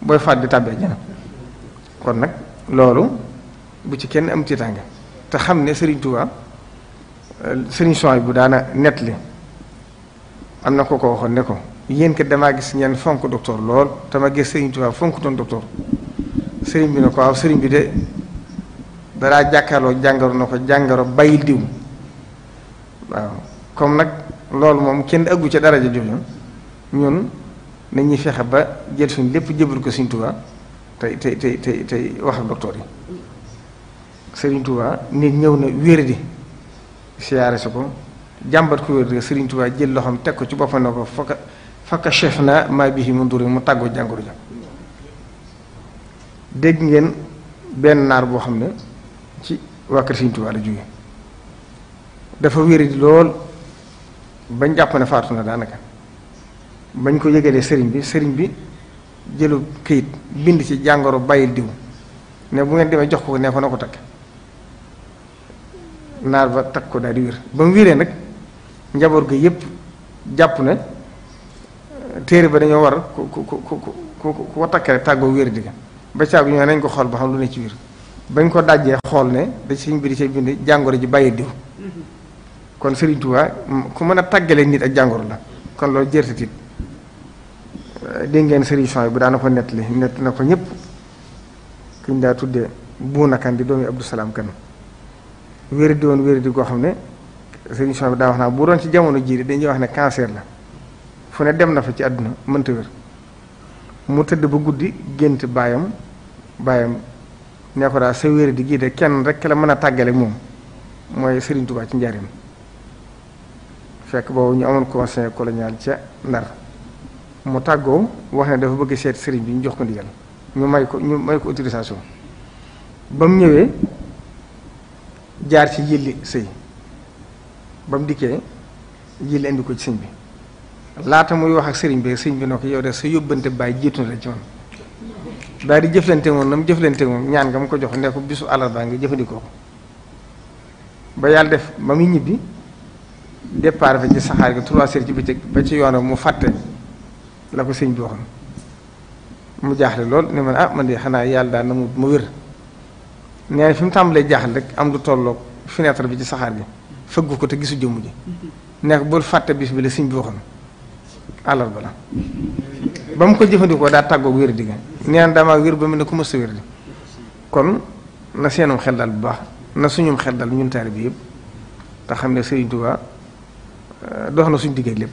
booy fàtte di kon nag loolu bu ci kenn am tiitaange te xam ne Serigne Touba Serigne Souhaïbou bu daana nett li am na ko ko waxoon ne ko yéen kat damaa gis ñenn fonk docteur lool te ma gis Serigne Touba fonk doon docteur Serigne bi ne ko waaw Serigne bi de daraa jàkkaarloo jàngaro na ko jàngoro bàyyi diw waaw comme nag loolu moom kenn ëggu ca daraja jooju ñun nañuy fexe ba jël suñ lépp jëbal ko Serigne Touba tey tey tey tey tey wax ak docteur yi Serigne Touba nit ñëw na wéradi siyaare si ko jàmbat ku wéradi Serigne Touba jël loxoom teg ko ci boppam ne ko fakka fakka chef na maa bii mu ndur mu tàggoo jàngoro ja dégg ngeen benn naar boo xam ne ci waa kër Serigne Touba la jóge dafa wéradi lool bañ jàpp ne faatu na daanaka bañ ko yëgalee sëriñ bi sëriñ bi. jëlu kayit bind ci jàngoro bàyyil diw ne bu ngeen demee jox ko ne ko na ko takk naar ba takk ko daal di wér ba mu wéree nag njaboot ga yépp jàpp ne euh, téere ba dañoo war ku ku ku ku ku ko takk rek tàggoo wér di ba caabi ñoo nañ ko xool ba xam lu ne ci wér bañ ko dajjee xool ne da sëñ bi di see bind jàngoro ji bàyyil diw mm-hmm. kon Serigne Touba ku mën a tàggalee nit ak jàngoro la kon loolu jërtatiit dégg ngeen sëriñ yi bu daana ko nettali nett na ko ñëpp kuñ daa tuddee Buuna Kan di doomi Abdou Salaam Kan wér di woon wér di goo xam ne sëriñ Sohaybu daa wax naa bu doon ci jamono jii dañuy wax ne cancer la fu ne dem na fa ci àdduna mënta wér mu tëdd ba guddi gént baayam baayam nee ko daal sa wér di gii de kenn rek la mën a tàggale moom mooy sëriñ Tuubaa ci njaareem fekk boobu ñu amoon conseil colonial ca Ndar mu tàggoo wax ne dafa bëgg seet sëriñ bi ñu jox ko ndigal ñu may ko ñu may ko autorisation ba mu ñëwee jaar ci yilli sëy ba mu dikkee yilli indi ko ci sëñ bi laata muy wax ak sëriñ bi sëñ bi noo ko yow de sa yóbbante bàyyi jiitu na la ci man daal di jëflante moom na mu jëflante moom ñaan nga mu ko jox ne ko bisu àllarba nga jëfandikoo ko ba yàlla def ba muy ñibbi départ fa ci saxaar gi trois heures ci bëccëg ba ci yoonam mu fàtte la ko sëñ boo waxoon mu jaaxle lool ne man ah man de xanaa yàlla daal na mu ma wér nee na fi mu tàmbalee jaaxle rek am lu tolloog fenêtre bi ci saxaar bi fëggu ko te gisu jëmm ji nekk bul fàtte bis bi la sëñ bi waxoon àllarba la ba mu ko jëfandikoo daa tàggoog wér di nga nee na damaa wér ba mu ne ku mës a wér di kon na seenum xel dal bu baax na suñum xel dal ñun bi yëpp te xam ne Sëriñ Tuubaa euh, dox na suñu digg lépp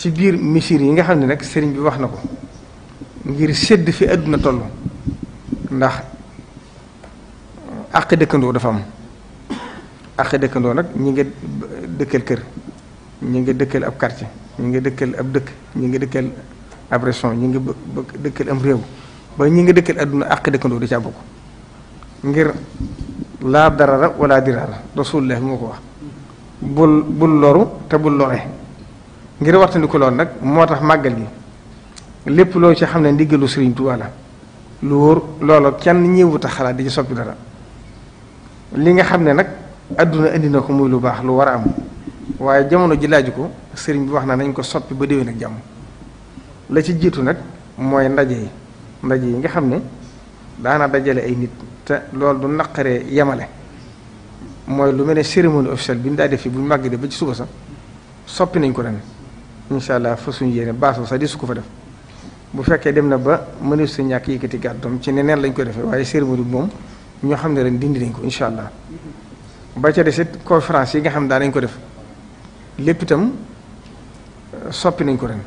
ci biir misir yi nga xam ne nag sëriñ bi wax na ko ngir sedd fi àdduna toll ndax àq dëkkandoo dafa am àq dëkkandoo nag ñi nga dëkkal kër ñi nga dëkkal ab quartier ñi nga dëkkal ab dëkk ñi nga dëkkal ab région ñi nga dëkkal am réew ba ñi nga dëkkal àdduna àq dëkkandoo da caa bokk ngir laa darara wala diraara rasulullah moo ko wax bul bul loru te bul lore ngir waxtandiku lool nag moo tax màggal gi lépp loo ci xam ne ndiggalu Sëriñ Tuubaa la lu wóor loola kenn ñëwut a xalaat di ci soppi dara li nga xam ne nag àdduna indi na ko muy lu baax lu war a am waaye jamono ji laaju ko sëriñ bi wax na nañ ko soppi ba déwén ak jàmm la ci jiitu nag mooy ndaje yi ndaje yi nga xam ne daana dajale ay nit te loolu du naqaree yamale mooy lu mel ne cérémonie officielle bi ñu daa def fi bu ñu màgg de ba ci suba sax soppi nañ ko ren incha allah fa suñu yéene baaso sa di su ko fa def bu fekkee dem na ba mënees su ñàkk yëkkati gàddoom ci neneen lañ ko defee waaye cérémonie bi moom ñoo xam ne ren dindi nañ ko incha allah ba ca desit conférence yi nga xam daanañ ko def lépp itam euh, soppi nañ ko ren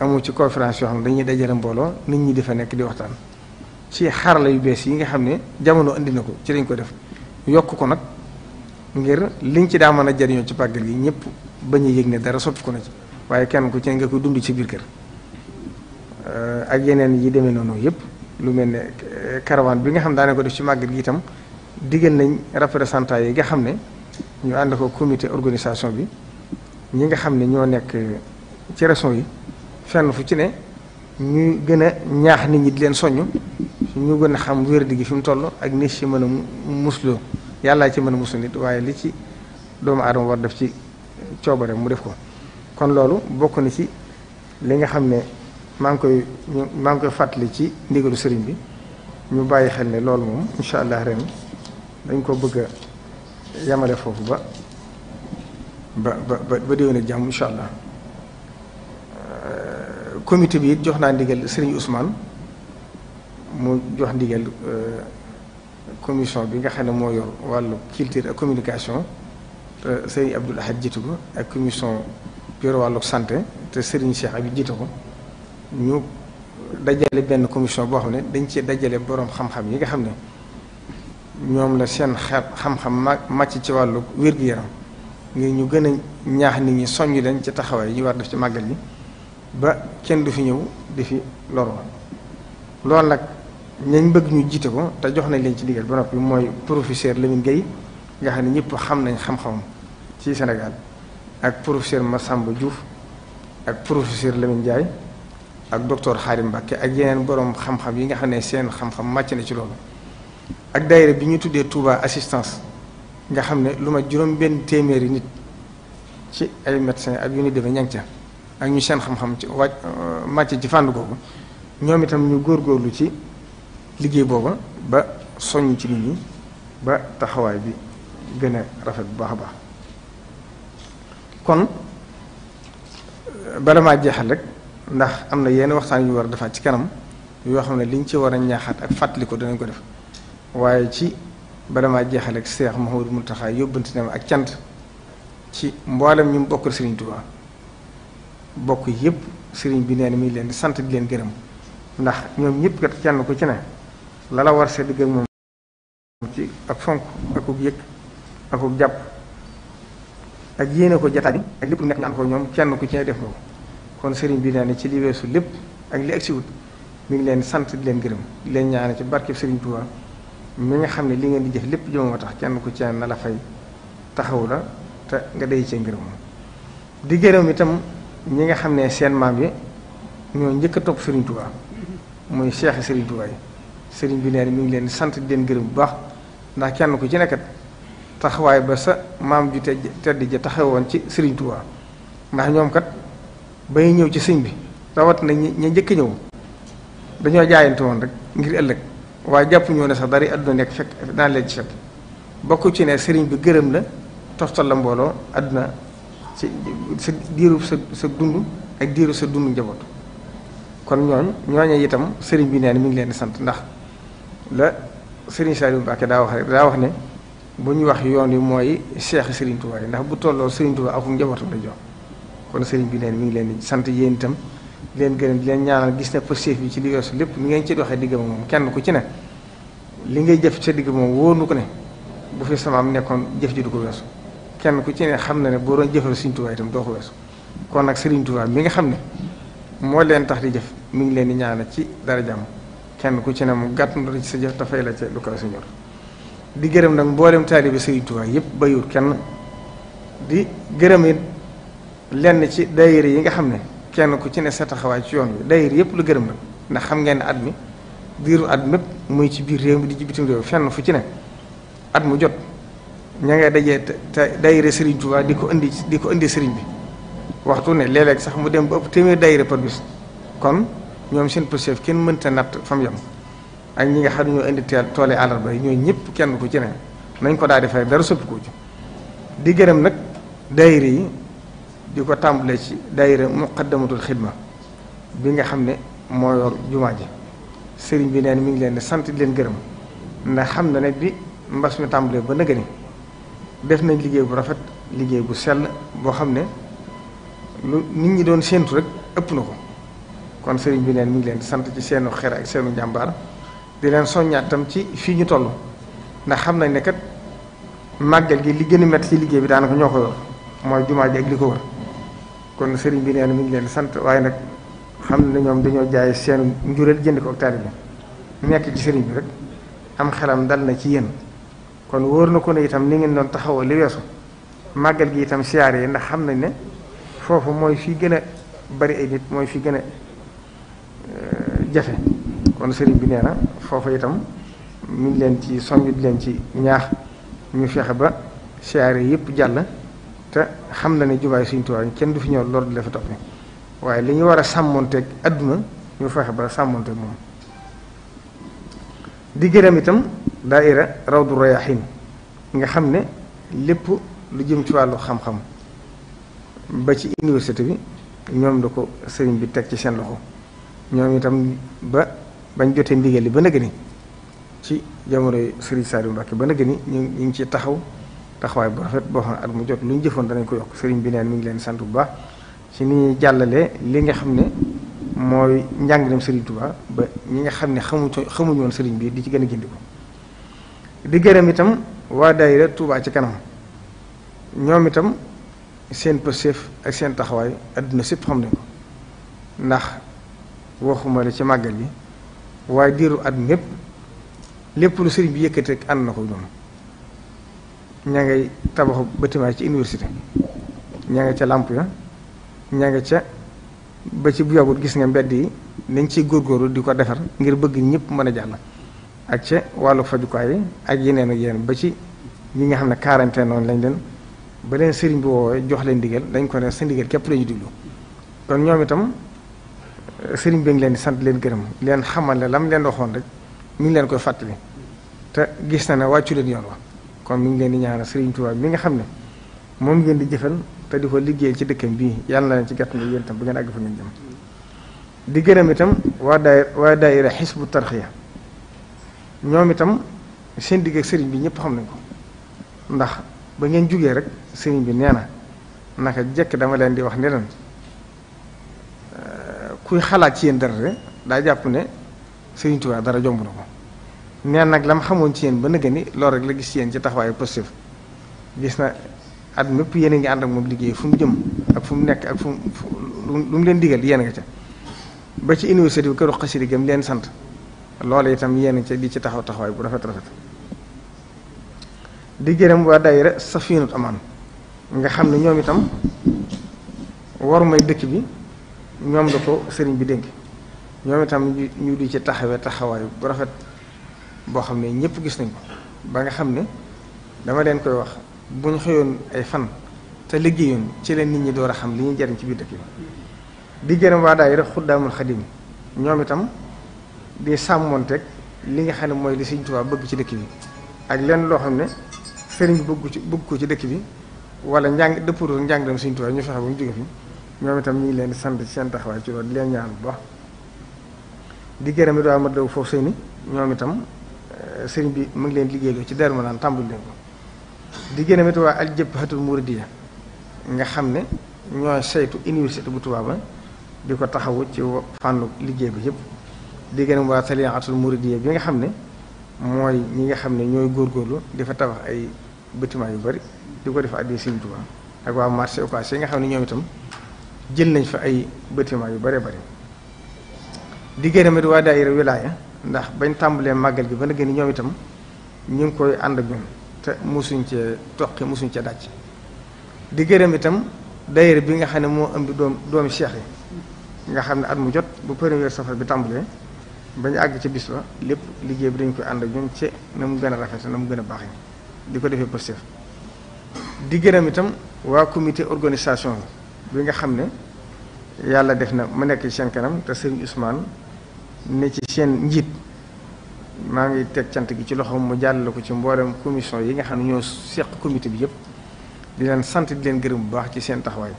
amu ci conférence yoo xam ne dañuy dajale mbooloo nit ñi di nekk di waxtaan ci xarala yu bees yi nga xam ne jamono indi na ko ci lañ ko def yokk ko nag ngir liñ ci daa mën a jariñoo ci pàggal yi ñëpp bañ a yëg ne dara soppi ko na ci waaye kenn ku ci nga koy dund ci biir kër euh, ak yeneen yi demee noonu yëpp lu mel ne euh, caravane bi nga xam daane ko def ci màggal gi itam digal nañ représentant yi nga xam ne ñu ànd ko comité organisation bi ñi nga xam ne ñoo nekk ci région yi fenn fu ci ne ñuy gën a ñaax nit ñi di leen soññ ñu gën a xam wér di gi fi mu toll ak ni ci mën a musloo yàllaa ci mën a muslu nit waaye li ci doomu aadama war def ci coobare mu def ko kon loolu bokk na ci li nga xam ne maa koy maa koy fàttali ci ndigalu sëriñ bi ñu bàyyi xel ne loolu moom incha allah ren dañ ko bëgg a yamale foofu ba ba ba ba déwén ak jàmm incha allah euh, comité bi it jox naa ndigal sëriñ Ousmane mu jox ndigal euh, commission bi nga xam ne moo yor wàllu culture ak communication te euh, sëriñ Abdoul Ahad jiitu ko ak commission. yor wàllu santé te Serigne Cheikh abi jiite ko ñu dajale benn commission boo xam ne dañ ci dajale boroom xam-xam yi nga xam ne ñoom la seen xeet xam mag màcc ci wàllu wér-gu-yaram ngir ñu gën a ñaax nit ñi soññ leen ci taxawaay yi ñu war def ci màggal yi ba kenn du fi ñëw di fi loroo loolu nag ñañ bëgg ñu jiite ko te jox nañ leen ci digal ba noppi mooy professeur Lamine Gueye nga xam ne ñëpp xam nañ xam-xamam ci Sénégal ak professeur Massamba Diouf ak professeur Lamine Ndiaye ak docteur Xaarim Mbàkke ak yeneen borom xam-xam yi nga xam ne seen xam-xam màcc na ci loolu ak daayira bi ñu tuddee Touba assistance nga xam ne lu ma juróom-benn téeméeri nit ci ay médecins ak yu demee ñang ak ñu seen xam-xam ci wàcc euh, màcc ci fànn googu ñoom itam ñu góor góorgóorlu ci liggéey booba ba soññ ci nit ñi ba taxawaay bi gën a rafet bu baax a baax. kon bala maa jeexal rek ndax am na yenn waxtaan yu war a defaat ci kanam yoo xam ne liñ ci war a ñaaxaat ak fàttali ko danañ ko def waaye ci bala maa jeexal rek Cheikh Mouhamadou taxaay yóbbante na ma ak cant ci mboolem ñu bokkal Serigne Touba bokk yépp sëriñ bi nee na mi leen di sant di leen gërëm ndax ñoom ñëpp kat kenn ku ci ne lala war see digg ak moom ci ak fonk akuk yëg akuk jàpp. ak yéene ko jataay ak lépp lu nekk ko ñoom kenn ku ci ne def ko kon sëriñ bi naa ne ci li weesu lépp ak li egsi wut mi ngi leen sant di leen gërëm leen ñaane ci barkeb sëriñ Touba mi nga xam ne li ngeen di jëf lépp jëmoo tax kenn ku ci ne taxaw la te nga day cee ngërëm di gërëm itam ñi nga xam ne seen maam yi njëkk a topp sëriñ Touba muy cheikh sëriñ Touba bi naa ne ngi leen sant di leen gërëm bu baax ndax kenn ku ci nekkat taxawaay ba sa maam ju tedd ja taxawoon ci Serigne Touba ndax ñoom kat bay ñëw ci sëñ bi rawat na ña njëkk ñëw dañoo jaayante woon rek ngir ëllëg waaye jàpp ñoo ne sax bari àdduna nekk fekk daan ci fekk bokk ci ne sëriñ bi gërëm la toftal la mbooloo àdduna ci dund ak diiru sa dund njaboot kon ñooñ ñooñu itam sëriñ bi neen mi ngi leen di sant ndax la sëriñ Saliou Mbacké daa wax rek daa wax ne bu ñu wax yoon wi mooy Cheikh Serigne Touba yi ndax bu tolloo Serigne Touba akum njabootam la jox kon Serigne bi leen mi ngi leen di sant yéen itam leen gërëm di leen ñaanal gis na positif bi ci li weesu lépp ni ngeen ci doxee digg moom kenn ku ci ne li ngay jëf ci digg moom wóor na ko ne bu fi sama am nekkoon jëf ji ko weesu kenn ku ci ne xam na ne boo doon jëfal Serigne Touba itam doo ko weesu kon nag Serigne Touba mi nga xam ne moo leen tax di jëf mu ngi leen di ñaanal ci dara jàmm kenn ku ci ne mu gàtt ci sa jëf dafay la ca lu kaw si ñor di gërëm nag mboolem taalibe Sëriñ Tuubaa yëpp bayut kenn di gërëm lenn ci daayira yi nga xam ne kenn ku ci ne sa taxawaay ci yoon wi daayira yëpp lu gërëm nag ndax xam ngeen ne at mi diiru at mépp muy ci biir réew mi di ci bitim réew fenn fu ci ne at mu jot ña ngay dajee te daayira Sëriñ Tuubaa di ko indi di ko indi sëriñ bi waxtu ne léeg sax mu dem ba ëpp téeméer daayira par bis kon ñoom seen pëseef kenn mënta natt fa ak ñi nga xam ne ñoo indi teel toole àllarba yi ñooy ñëpp kenn ko ci ne nañ ko daal di fay dara soppi ko ci di gërëm nag daayira yi di ko tàmbalee ci mu muqaddamatul xidma bi nga xam ne moo yor jumaa ji sëriñ bi neen mi ngi leen di sant di leen gërëm ndax xam na ne bi mbas mi tàmbalee ba nëgë ni def nañ liggéey bu rafet liggéey bu sell boo xam ne lu nit ñi doon séentu rek ëpp na ko kon sëriñ bi neen mi ngi leen di sant ci seenu xer ak seenu njàmbaar di leen soññaat tam ci fii ñu toll ndax xam nañ ne kat màggal gi li gën a métti ci liggéey bi daanaka ñoo ko yor mooy jumaa ji ak li ko wër kon sëriñ bi nee na mi ngi leen sant waaye nag xam ne ñoom dañoo jaay seen njureel jënd ko ak taalibe bi nekk ci sëriñ bi rek am xelam dal na ci yéen kon wóor na ko ne itam ni ngeen doon taxawoo li weesu màggal gi itam siyaare yi ndax xam nañ ne foofu mooy fii gën a bari ay nit mooy fii gën a euh, jafe kon sëriñ bi neena na foofa itam mi leen ci soññ di leen ci ñaax ñu fexe ba siyaare yëpp jàll te xam na ne jubaay suñu tuwaay kenn du fi ñëw lor di la fa waaye li ñu war a sàmmonteeg àdduna ñu fexe ba sàmmonteeg moom. di gërëm itam daaira rawdu rayaxiin nga xam ne lépp lu jëm ci wàllu xam-xam ba ci université bi ñoom da ko sëriñ bi teg ci seen loxo ñoom itam ba. bañ jotee ndigal li ba ni ci jamono Serigne Saliou Mbacké ba nëgëni ñu ñu ngi ci taxaw taxawaay bu rafet boo xam ne at mu jot lu ñu jëfoon danañ ko yokk sëriñ bi neen mi ngi leen sant bu baax ci ni ñuy li nga xam ne mooy njàngaleem Serigne Touba ba ñi nga xam ne xamu xamuñu woon Serigne bi di ci gën a gindi ko di gërëm itam waa daayira tuubaa ci kanam ñoom itam seen pëseef ak seen taxawaay adduna sépp xam nañ ko ndax waxuma la ci màggal bi waaye diiru at mépp lépp lu sëriñ bi yëkkati rek ànd na ko ñoom ña ngay tabaxu bâtiment ci université ña nga ca làmp ya ña nga ca ba ci bu yàggut gis nga mbedd yi dañ góor góorgóorlu di ko defar ngir bëgg ñëpp mën a jàll ak ca wàllu fajukaay yi ak yeneen ak yeneen ba ci ñi nga xam ne quarantaine noonu lañ leen ba leen sëriñ bi woowee jox leen ndigal dañ ko ne sa ndigal képp lañu diglu kon ñoom itam sëriñ bi ngi leen di sant leen gërëm leen xamal ne lam leen waxoon rek mi ngi leen koy fàttali te gis na ne wàccu leen yoon wa kon mu ngi leen di ñaanal sëriñ Tuubaa mi nga xam ne moom ngeen di jëfal te di ko liggéey ci dëkkam bii yàlla na leen ci gàtt nga yéen itam bu ngeen àgg fa ngeen jëm. di gërëm itam waa daay waa daayira xisbu tarxiya ñoom itam seen digg ak sëriñ bi ñëpp xam nañ ko ndax ba ngeen jugee rek sëriñ bi nee na naka jekk dama leen di wax ne kuy xalaat ci yéen dara rek daa jàpp ne Sëriñ Tuubaa dara jomb na ko neen nag la ma xamoon ci yéen ba nëgë ni loolu rek la gis ci yéen ci taxawaayu positif gis na add mépp yéen a ngi ànd moom liggéey fu mu jëm fu mu nekk ak fu mu lu mu leen digal yéen nga ca ba ci université bi këru xasida gam leen sant loolu itam yéen ca di ci taxaw taxawaay bu rafet rafet di gërëm waa daayira Safinatu Amaan nga xam ne ñoom itam war dëkk bi ñoom la ko sëriñ bi dénk ñoom itam ñu di ci taxawee taxawaay bu rafet boo xam ne ñëpp gis nañ ko ba nga xam ne dama leen koy wax bu ñu xëyoon ay fan te liggéeyoon ci leen nit ñi door a xam li ñuy jariñ ci biir dëkk bi di gërëm waa daayira Xuddaamul Xadim ñoom itam di sàmmoonteeg li nga xam ne mooy li Sëriñ Tuubaa bëgg ci dëkk bi ak lenn loo xam ne sëriñ bi bëgg ci bëgg ko ci dëkk bi wala njàng dëppuroo njàng dem Sëriñ Tuubaa ñu fexe ba mu jóge fi ñoom itam ñu ngi leen di sant ci seen taxawaay ci loolu leen ñaan bu baax di gërëm it waa Matlaboul Fawzayni ñoom itam eh, sëriñ bi mu ngi leen liggéeyloo ci Darou Manane tàmbali leen ko di gërëm it waa Al Jabhatul Mouridiyya nga xam ne ñooy saytu université bu Tuubaa ba di ko taxawu ci fànn liggéey bi yëpp di gërëm waa Taliyaatul Mouridiyya bi nga xam ne mooy ñi nga xam ne ñooy góorgóorlu di fa tabax ay bâtiment yu bari di ko def addi sëriñ Tuubaa ak waa marché occasion yi nga xam ne ñoom itam. jël nañ fa ay bâtiment yu bare bari di gërëm it waa daayira wilaaya ndax bañ tàmbalee màggal bi ba na gën ñoom itam ñu ngi koy ànd te mosuñ cee toqi mosuñ cee dàcc di gërëm itam daayira bi nga xam ne moo ëmb doom doomi cheikh nga xam ne at mu jot bu premier safar bi tàmbalee bañ àgg ci bis ba lépp liggéey bi dañ koy ànd ak ñun ci na mu gën a rafet na mu gën a baax di ko defee pëstef di gërëm itam waa comité organisation bi bi nga xam ne yàlla def na ma nekk ci seen kanam te sëriñ Ousmane ne ci seen njiit maa ngi teg cant gi ci loxoom mu jàllale ko ci mbooleem commission yi nga xam ne ñoo seq commité bi yëpp di leen sant di leen gërëm bu baax ci seen taxawaay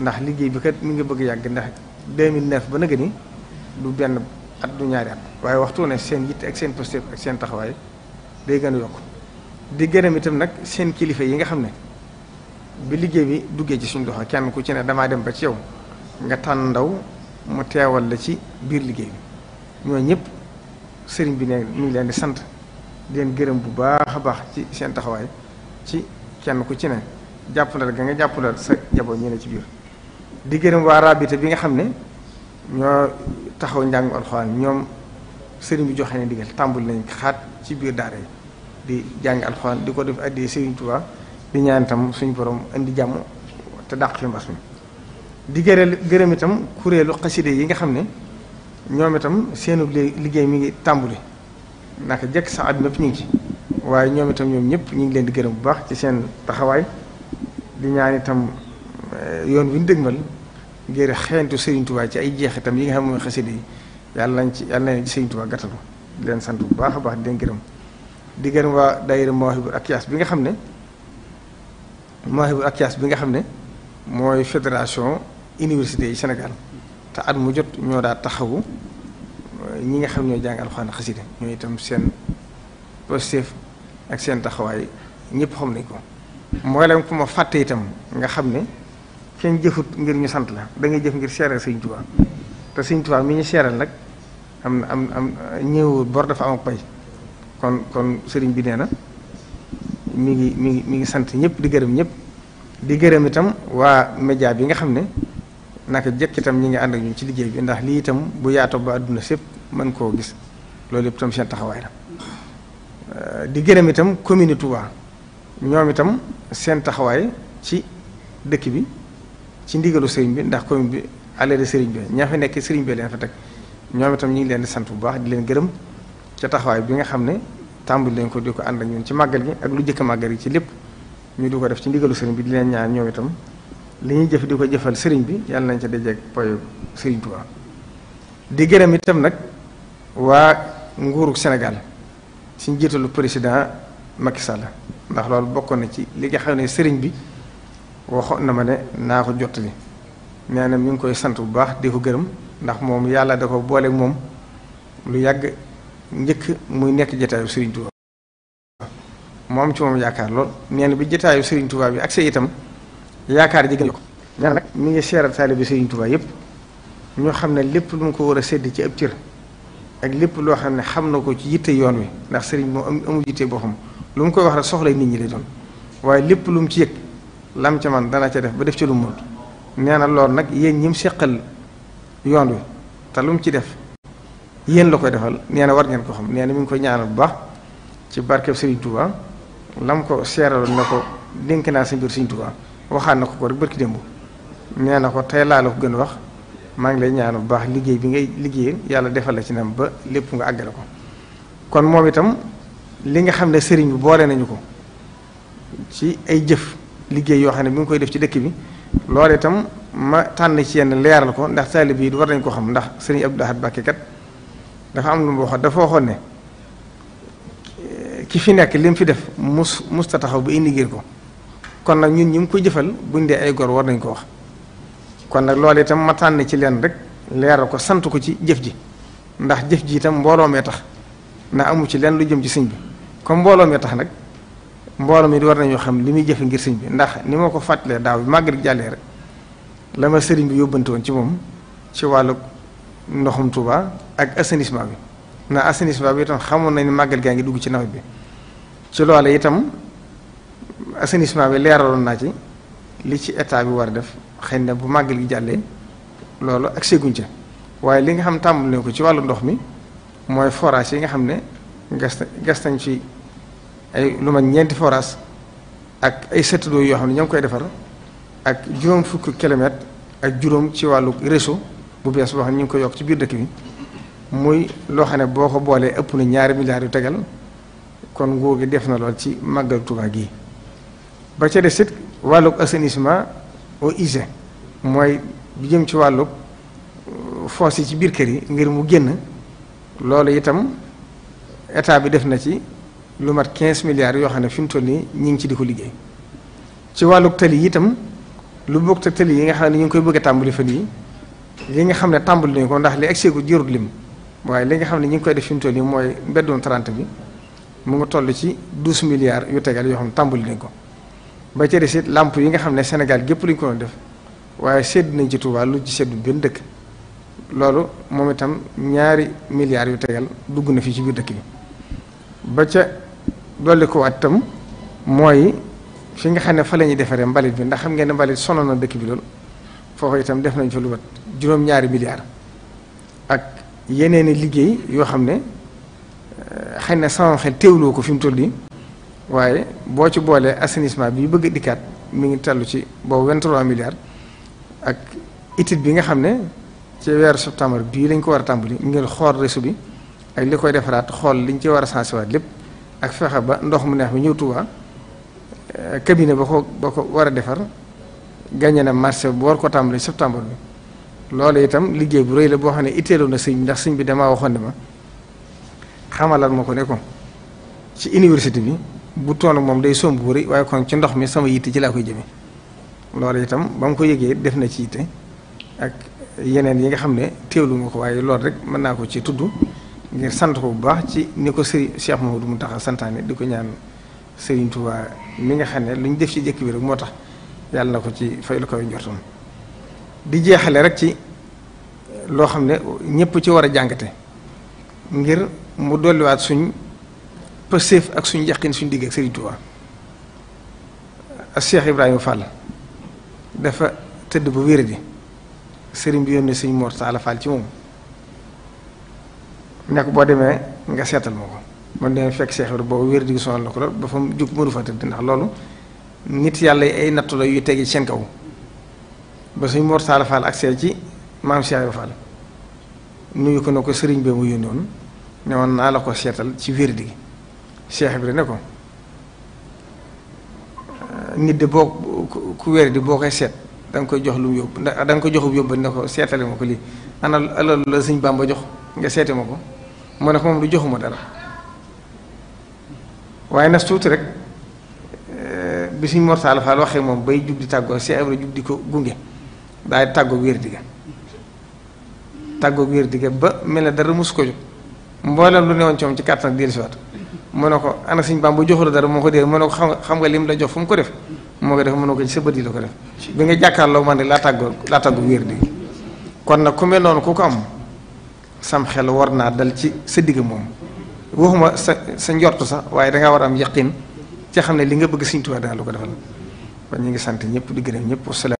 ndax liggéey bi kat mu ngi bëgg yàgg ndax 2009 ba nag ni du benn at du ñaari waaye waxtu ne seen yitte ak seen posture ak seen taxawaay day gën a yokk di gërëm itam nag seen kilifa yi nga xam ne. bi liggéey bi duggee ci suñu loxo kenn ku ci ne damaa dem ba ci yow nga tànn ndaw mu teewal la ci biir liggéey bi ñooñu ñëpp sëriñ bi ne ñu ngi leen di sant di leen gërëm bu baax a baax ci seen taxawaay ci kenn ku ci ne jàppalal ga nga jàppalal sa njaboot ñu ci biir di gërëm waa bi nga xam ne ñoo taxaw njàng alxuraan ñoom sëriñ bi joxe ne digal tàmbul nañ xaat ci biir daara yi di jàng alxuraan di ko def addee sëriñ Tuubaa di ñaan itam suñ boroom indi jàmm te dàq fi mbas mi di gërëm gërëm itam kuréelu xaside yi nga xam ne ñoom itam seenu liggéey mi ngi tàmbuli naka jekk sa at mépp ñu ngi ci waaye ñoom itam ñoom ñëpp ñu ngi leen di gërëm bu baax ci seen taxawaay di ñaan itam eh, yoon wi ñu dëgmal ngir xeentu Serigne Touba ci ay jeex itam yi nga xam mooy xaside yi yàlla nañ ci yàlla nañ ci Serigne Touba leen sant bu baax a baax di leen gërëm di gërëm waa daayira Mawahibou Akyas bi nga xam ne Mawahibou Akyas bi nga xam ne mooy fédération université yi Sénégal te at mu jot ñoo daal taxawu euh, ñi nga xam ñoo jàng alxuraan xasida ñoo itam seen positif ak seen taxawaay ñëpp xam nañ ko mboolem ku ma fàtte itam nga xam ne kenn jëfut ngir ñu sant la dangay jëf ngir seeral Sëñ Tuubaa te Sëñ Tuubaa mi ñu seeral nag am na am am ñëwul bor dafa am ak pay kon kon sëriñ bi nee na mi ngi mi ngi mi ngi sant ñëpp di gërëm ñëpp di gërëm itam waa média bi nga xam ne naka jëkk itam ñi ngi ànd ak ñun ci liggéey bi ndax lii itam bu yaatoo ba àdduna sépp man koo gis loolu yëpp tam seen taxawaay la euh, di gërëm itam commune Touba ñoom itam seen taxawaay ci dëkk bi ci ndigalu sëriñ bi ndax commune bi àlleede sëriñ bi ñaa fa nekk sëriñ bi leen fa teg ñoom itam ñu ngi leen di sant bu baax di leen gërëm ca taxawaay bi nga xam ne tàmbali lañ ko di ko ànd ak ñun ci màggal gi ak lu jëkk màggal gi ci lépp ñu di ko def ci ndigalu sëriñ bi di leen ñaan ñoom itam li ñuy jëf di ko jëfal sëriñ bi yàlla nañ ca dajeeg poyu sëriñ Tuubaa di gërëm itam nag waa nguuru Sénégal ci njiitalu président Macky la ndax loolu bokkoon na ci li nga xam ne sëriñ bi waxoon na ma ne naa ko jottali nee na ñu ngi koy sant bu baax di ko gërëm ndax moom yàlla da ko booleek moom lu yàgg. njëkk muy nekk jataayu Serigne Touba moom ci moom yaakaar lool nee bi jataayu Serigne Touba bi ak sa itam yaakaar ji gën ko nee nag mu ngi seeral taalibe Serigne Touba yëpp ñoo xam ne lépp lu mu ko war a sedd ci ab cër ak lépp loo xam ne xam na ko ci yitte yoon wi ndax Serigne moom amu yitte boppam lu mu koy wax rek soxla nit ñi lay doon waaye lépp lu mu ci yëg lam ca man dana ca def ba def ca lu mu mën nee na lool nag yéen ñi mu seqal yoon wi te lu mu ci def. yéen la koy defal nee na war ngeen ko xam nee na mi ngi koy ñaanal bu baax ci barkeb Serigne Touba lam ko seeraloon ne ko dénk naa sa mbir Serigne Touba waxaat na ko ko rek barki nee na ko tey laa ko gën wax maa ngi lay ñaanal bu baax liggéey bi ngay liggéey yàlla defal la ci ba lépp nga àggale ko kon moom itam li nga xam ne sëriñ bi boole nañu ko ci ay jëf liggéey yoo xam ne mi ngi koy def ci dëkk bi loolu itam ma tànn ci yenn leeral ko ndax taalib yi war nañ ko xam ndax sëriñ Abdou Lahad Mbacké dafa am lu mu waxoon dafa waxoon ne eh, ki fi nekk lim fi def mus musta taxaw ba indi ngir ko kon nag ñun ñu ngi koy jëfal buñ dee ay gor war nañ ko wax kon nag loolu itam ma tànn ci leen rek leeral ko sant ko ci jëf ji ndax jëf ji itam mbooloo mee tax ndax amu ci leen lu jëm ci sëñ bi comme mbooloo mee tax nag mbooloo mi war nañoo xam li muy jëfe ngir sëñ bi ndax ni ma ko fàttalee daaw bi màggal jàllee rek la ma sëriñ bi yóbbante woon ci moom ci wàllu. ndoxum Touba ak assainissement bi ndax assainissement bi itam xamoon nañu màggal gaa ngi dugg ci nawet bi ci loole itam assainissement bi leeraloon naa ci li ci état bi war a def xëy na bu màggal gi jàllee loolu ak seguñ ca waaye li nga xam tàmbali nañ ko ci wàllu ndox mi mooy forage yi nga xam ne gas gas nañ ci ay lu ma ñeenti forage ak ay château d'eau yoo xam ne ñoo ngi koy defar ak juróom fukki kilomètre ak juróom ci wàllu réseau. bu bees boo xam ñu ngi ko yokk ci biir dëkk bi muy loo xam ne boo ko boolee ëpp na ñaari milliards yu tegal kon nguur gi def na lool ci màggal Tuubaa gi ba ca sit it wàllug assainissement au mooy bi jëm ci wàllug euh, fosse yi biir kër yi ngir mu génn loolu itam état bi def na ci lu mat 15 milliards yoo xam ne fi mu toll nii ñu ngi ci di ko liggéey ci wàllug tali yi itam lu bokk te tali yi nga xam ne ñu ngi koy bëgg a tàmbali fan yi li nga xam ne tàmbali nañu ko ndax li egseegu jërul lim waaye li nga xam ne ñu ngi koy def fi mu toll mooy mbeddum 30 bi mu ngi toll ci 12 milliards yu tegal yoo xam ne tàmbali nañu ko ba ca des làmp yi nga xam ne senegal gépp lañu ko doon def waaye sedd nañ ci Touba lu ci seddu benn dëkk loolu moom itam ñaari milliards yu tegal dugg na fii ci biir dëkk bi ba ca dolli ko waat itam mooy fi nga xam ne fa la defaree mbalit bi ndax xam ngeen ne mbalit sono na dëkk bi loolu foofa itam def nañ fa lu mat juróom-ñaari milliards ak yeneeni liggéey yoo xam ne euh, xëy na sama xel teewloo ko fi mu toll nii waaye boo ci boolee assainissement bi bëgg dikkaat mi ngi tellu ci boobu 23 milliards ak étude bi nga xam ne ci weeru septembre bii lañ ko war a tàmbali ngir xool réseau bi ak li koy defaraat xool liñ ci war a sensibiliser lépp ak fexe ba ndox mu neex bi ñëw Tuubaa euh, cabinet ba ko ba ko war a defar gagné na marché bu war ko tàmbali septembre bi loolu itam liggéey bu rëy la boo xam ne itteeloon na sëñ ndax sëñ bi dama waxoon ne ma xamalal ma ko ne ko ci université bi bu toll moom day somb bu waaye kon ci ndox mi sama yitte ci laa koy jëme loolu itam ba mu ko yëgee def na ci yitte ak yeneen yi nga xam ne teewlu nga ko waaye loolu rek mën naa ko ci tudd ngir sant ko bu baax ci ni ko si sëriñ Cheikh Mamadou Mountakha santaane di ko ñaan Serigne Touba mi nga xam ne lu ñu def ci jëkk bi rek moo tax. yàlla na ko ci fay lu koy njortoon di jeexale rek ci loo xam ne ñëpp ci war a jàngate ngir mu dolliwaat suñ pëseef ak suñ yaqin suñ digg ak Serigne Touba ak Cheikh Ibrahima Fall dafa tëdd bu wéradi Serigne bi yónnee suñ Mor Talla Fall ci moom nekk boo demee nga seetal ma ko man demee fekk Cheikh Ibrahima boobu wéradi gi sonal na ko lool ba fa jug mënu fa tëdd ndax loolu. nit yàlla yi ay nattu la yuy tege ci seen kaw ba suñ Mor Talla ak seet ci maam Cheikh Ibra nuyu ko ne ko sëriñ bi mu yónni woon ne naa la ko seetal ci wérdi gi Cheikh Ibra ne ko euh, nit de boo ku boo koy seet da koy jox lu mu yóbbu da nga ko joxub yóbbu ne ko seetale ko lii ana alal la suñ Bàmba jox nga seete ma ko ne ko moom du joxuma dara waaye nas tuuti rek. bi suñ mortaal faal waxee moom bay jug di tàggoo Cheikh Ibra jug di ko gunge daay tàggoog wér digga tàggoog wér digga ba mel ne dara mosu ko jóg mboolem lu newoon coom ci kàttan ak dellusiwaat mu ne ko ana suñ Bàmba joxu la dara moo ko dee mu ne ko xam nga lim la jox fu mu ko def moo ko def mu ne ko bët yi la ko def bi nga jàkkaarloo man de laa tàggoo laa tàggu wér digga kon nag ku mel noonu ku ko am sam xel war naa dal ci sa digg moom waxuma sa sa njort sa waaye dangaa war a am yaqin ca xam ne li nga bëgg Sëriñ Tuubaa daal lu ko defal kon ñu ngi sant ñëpp di gërëm ñëpp wasalaam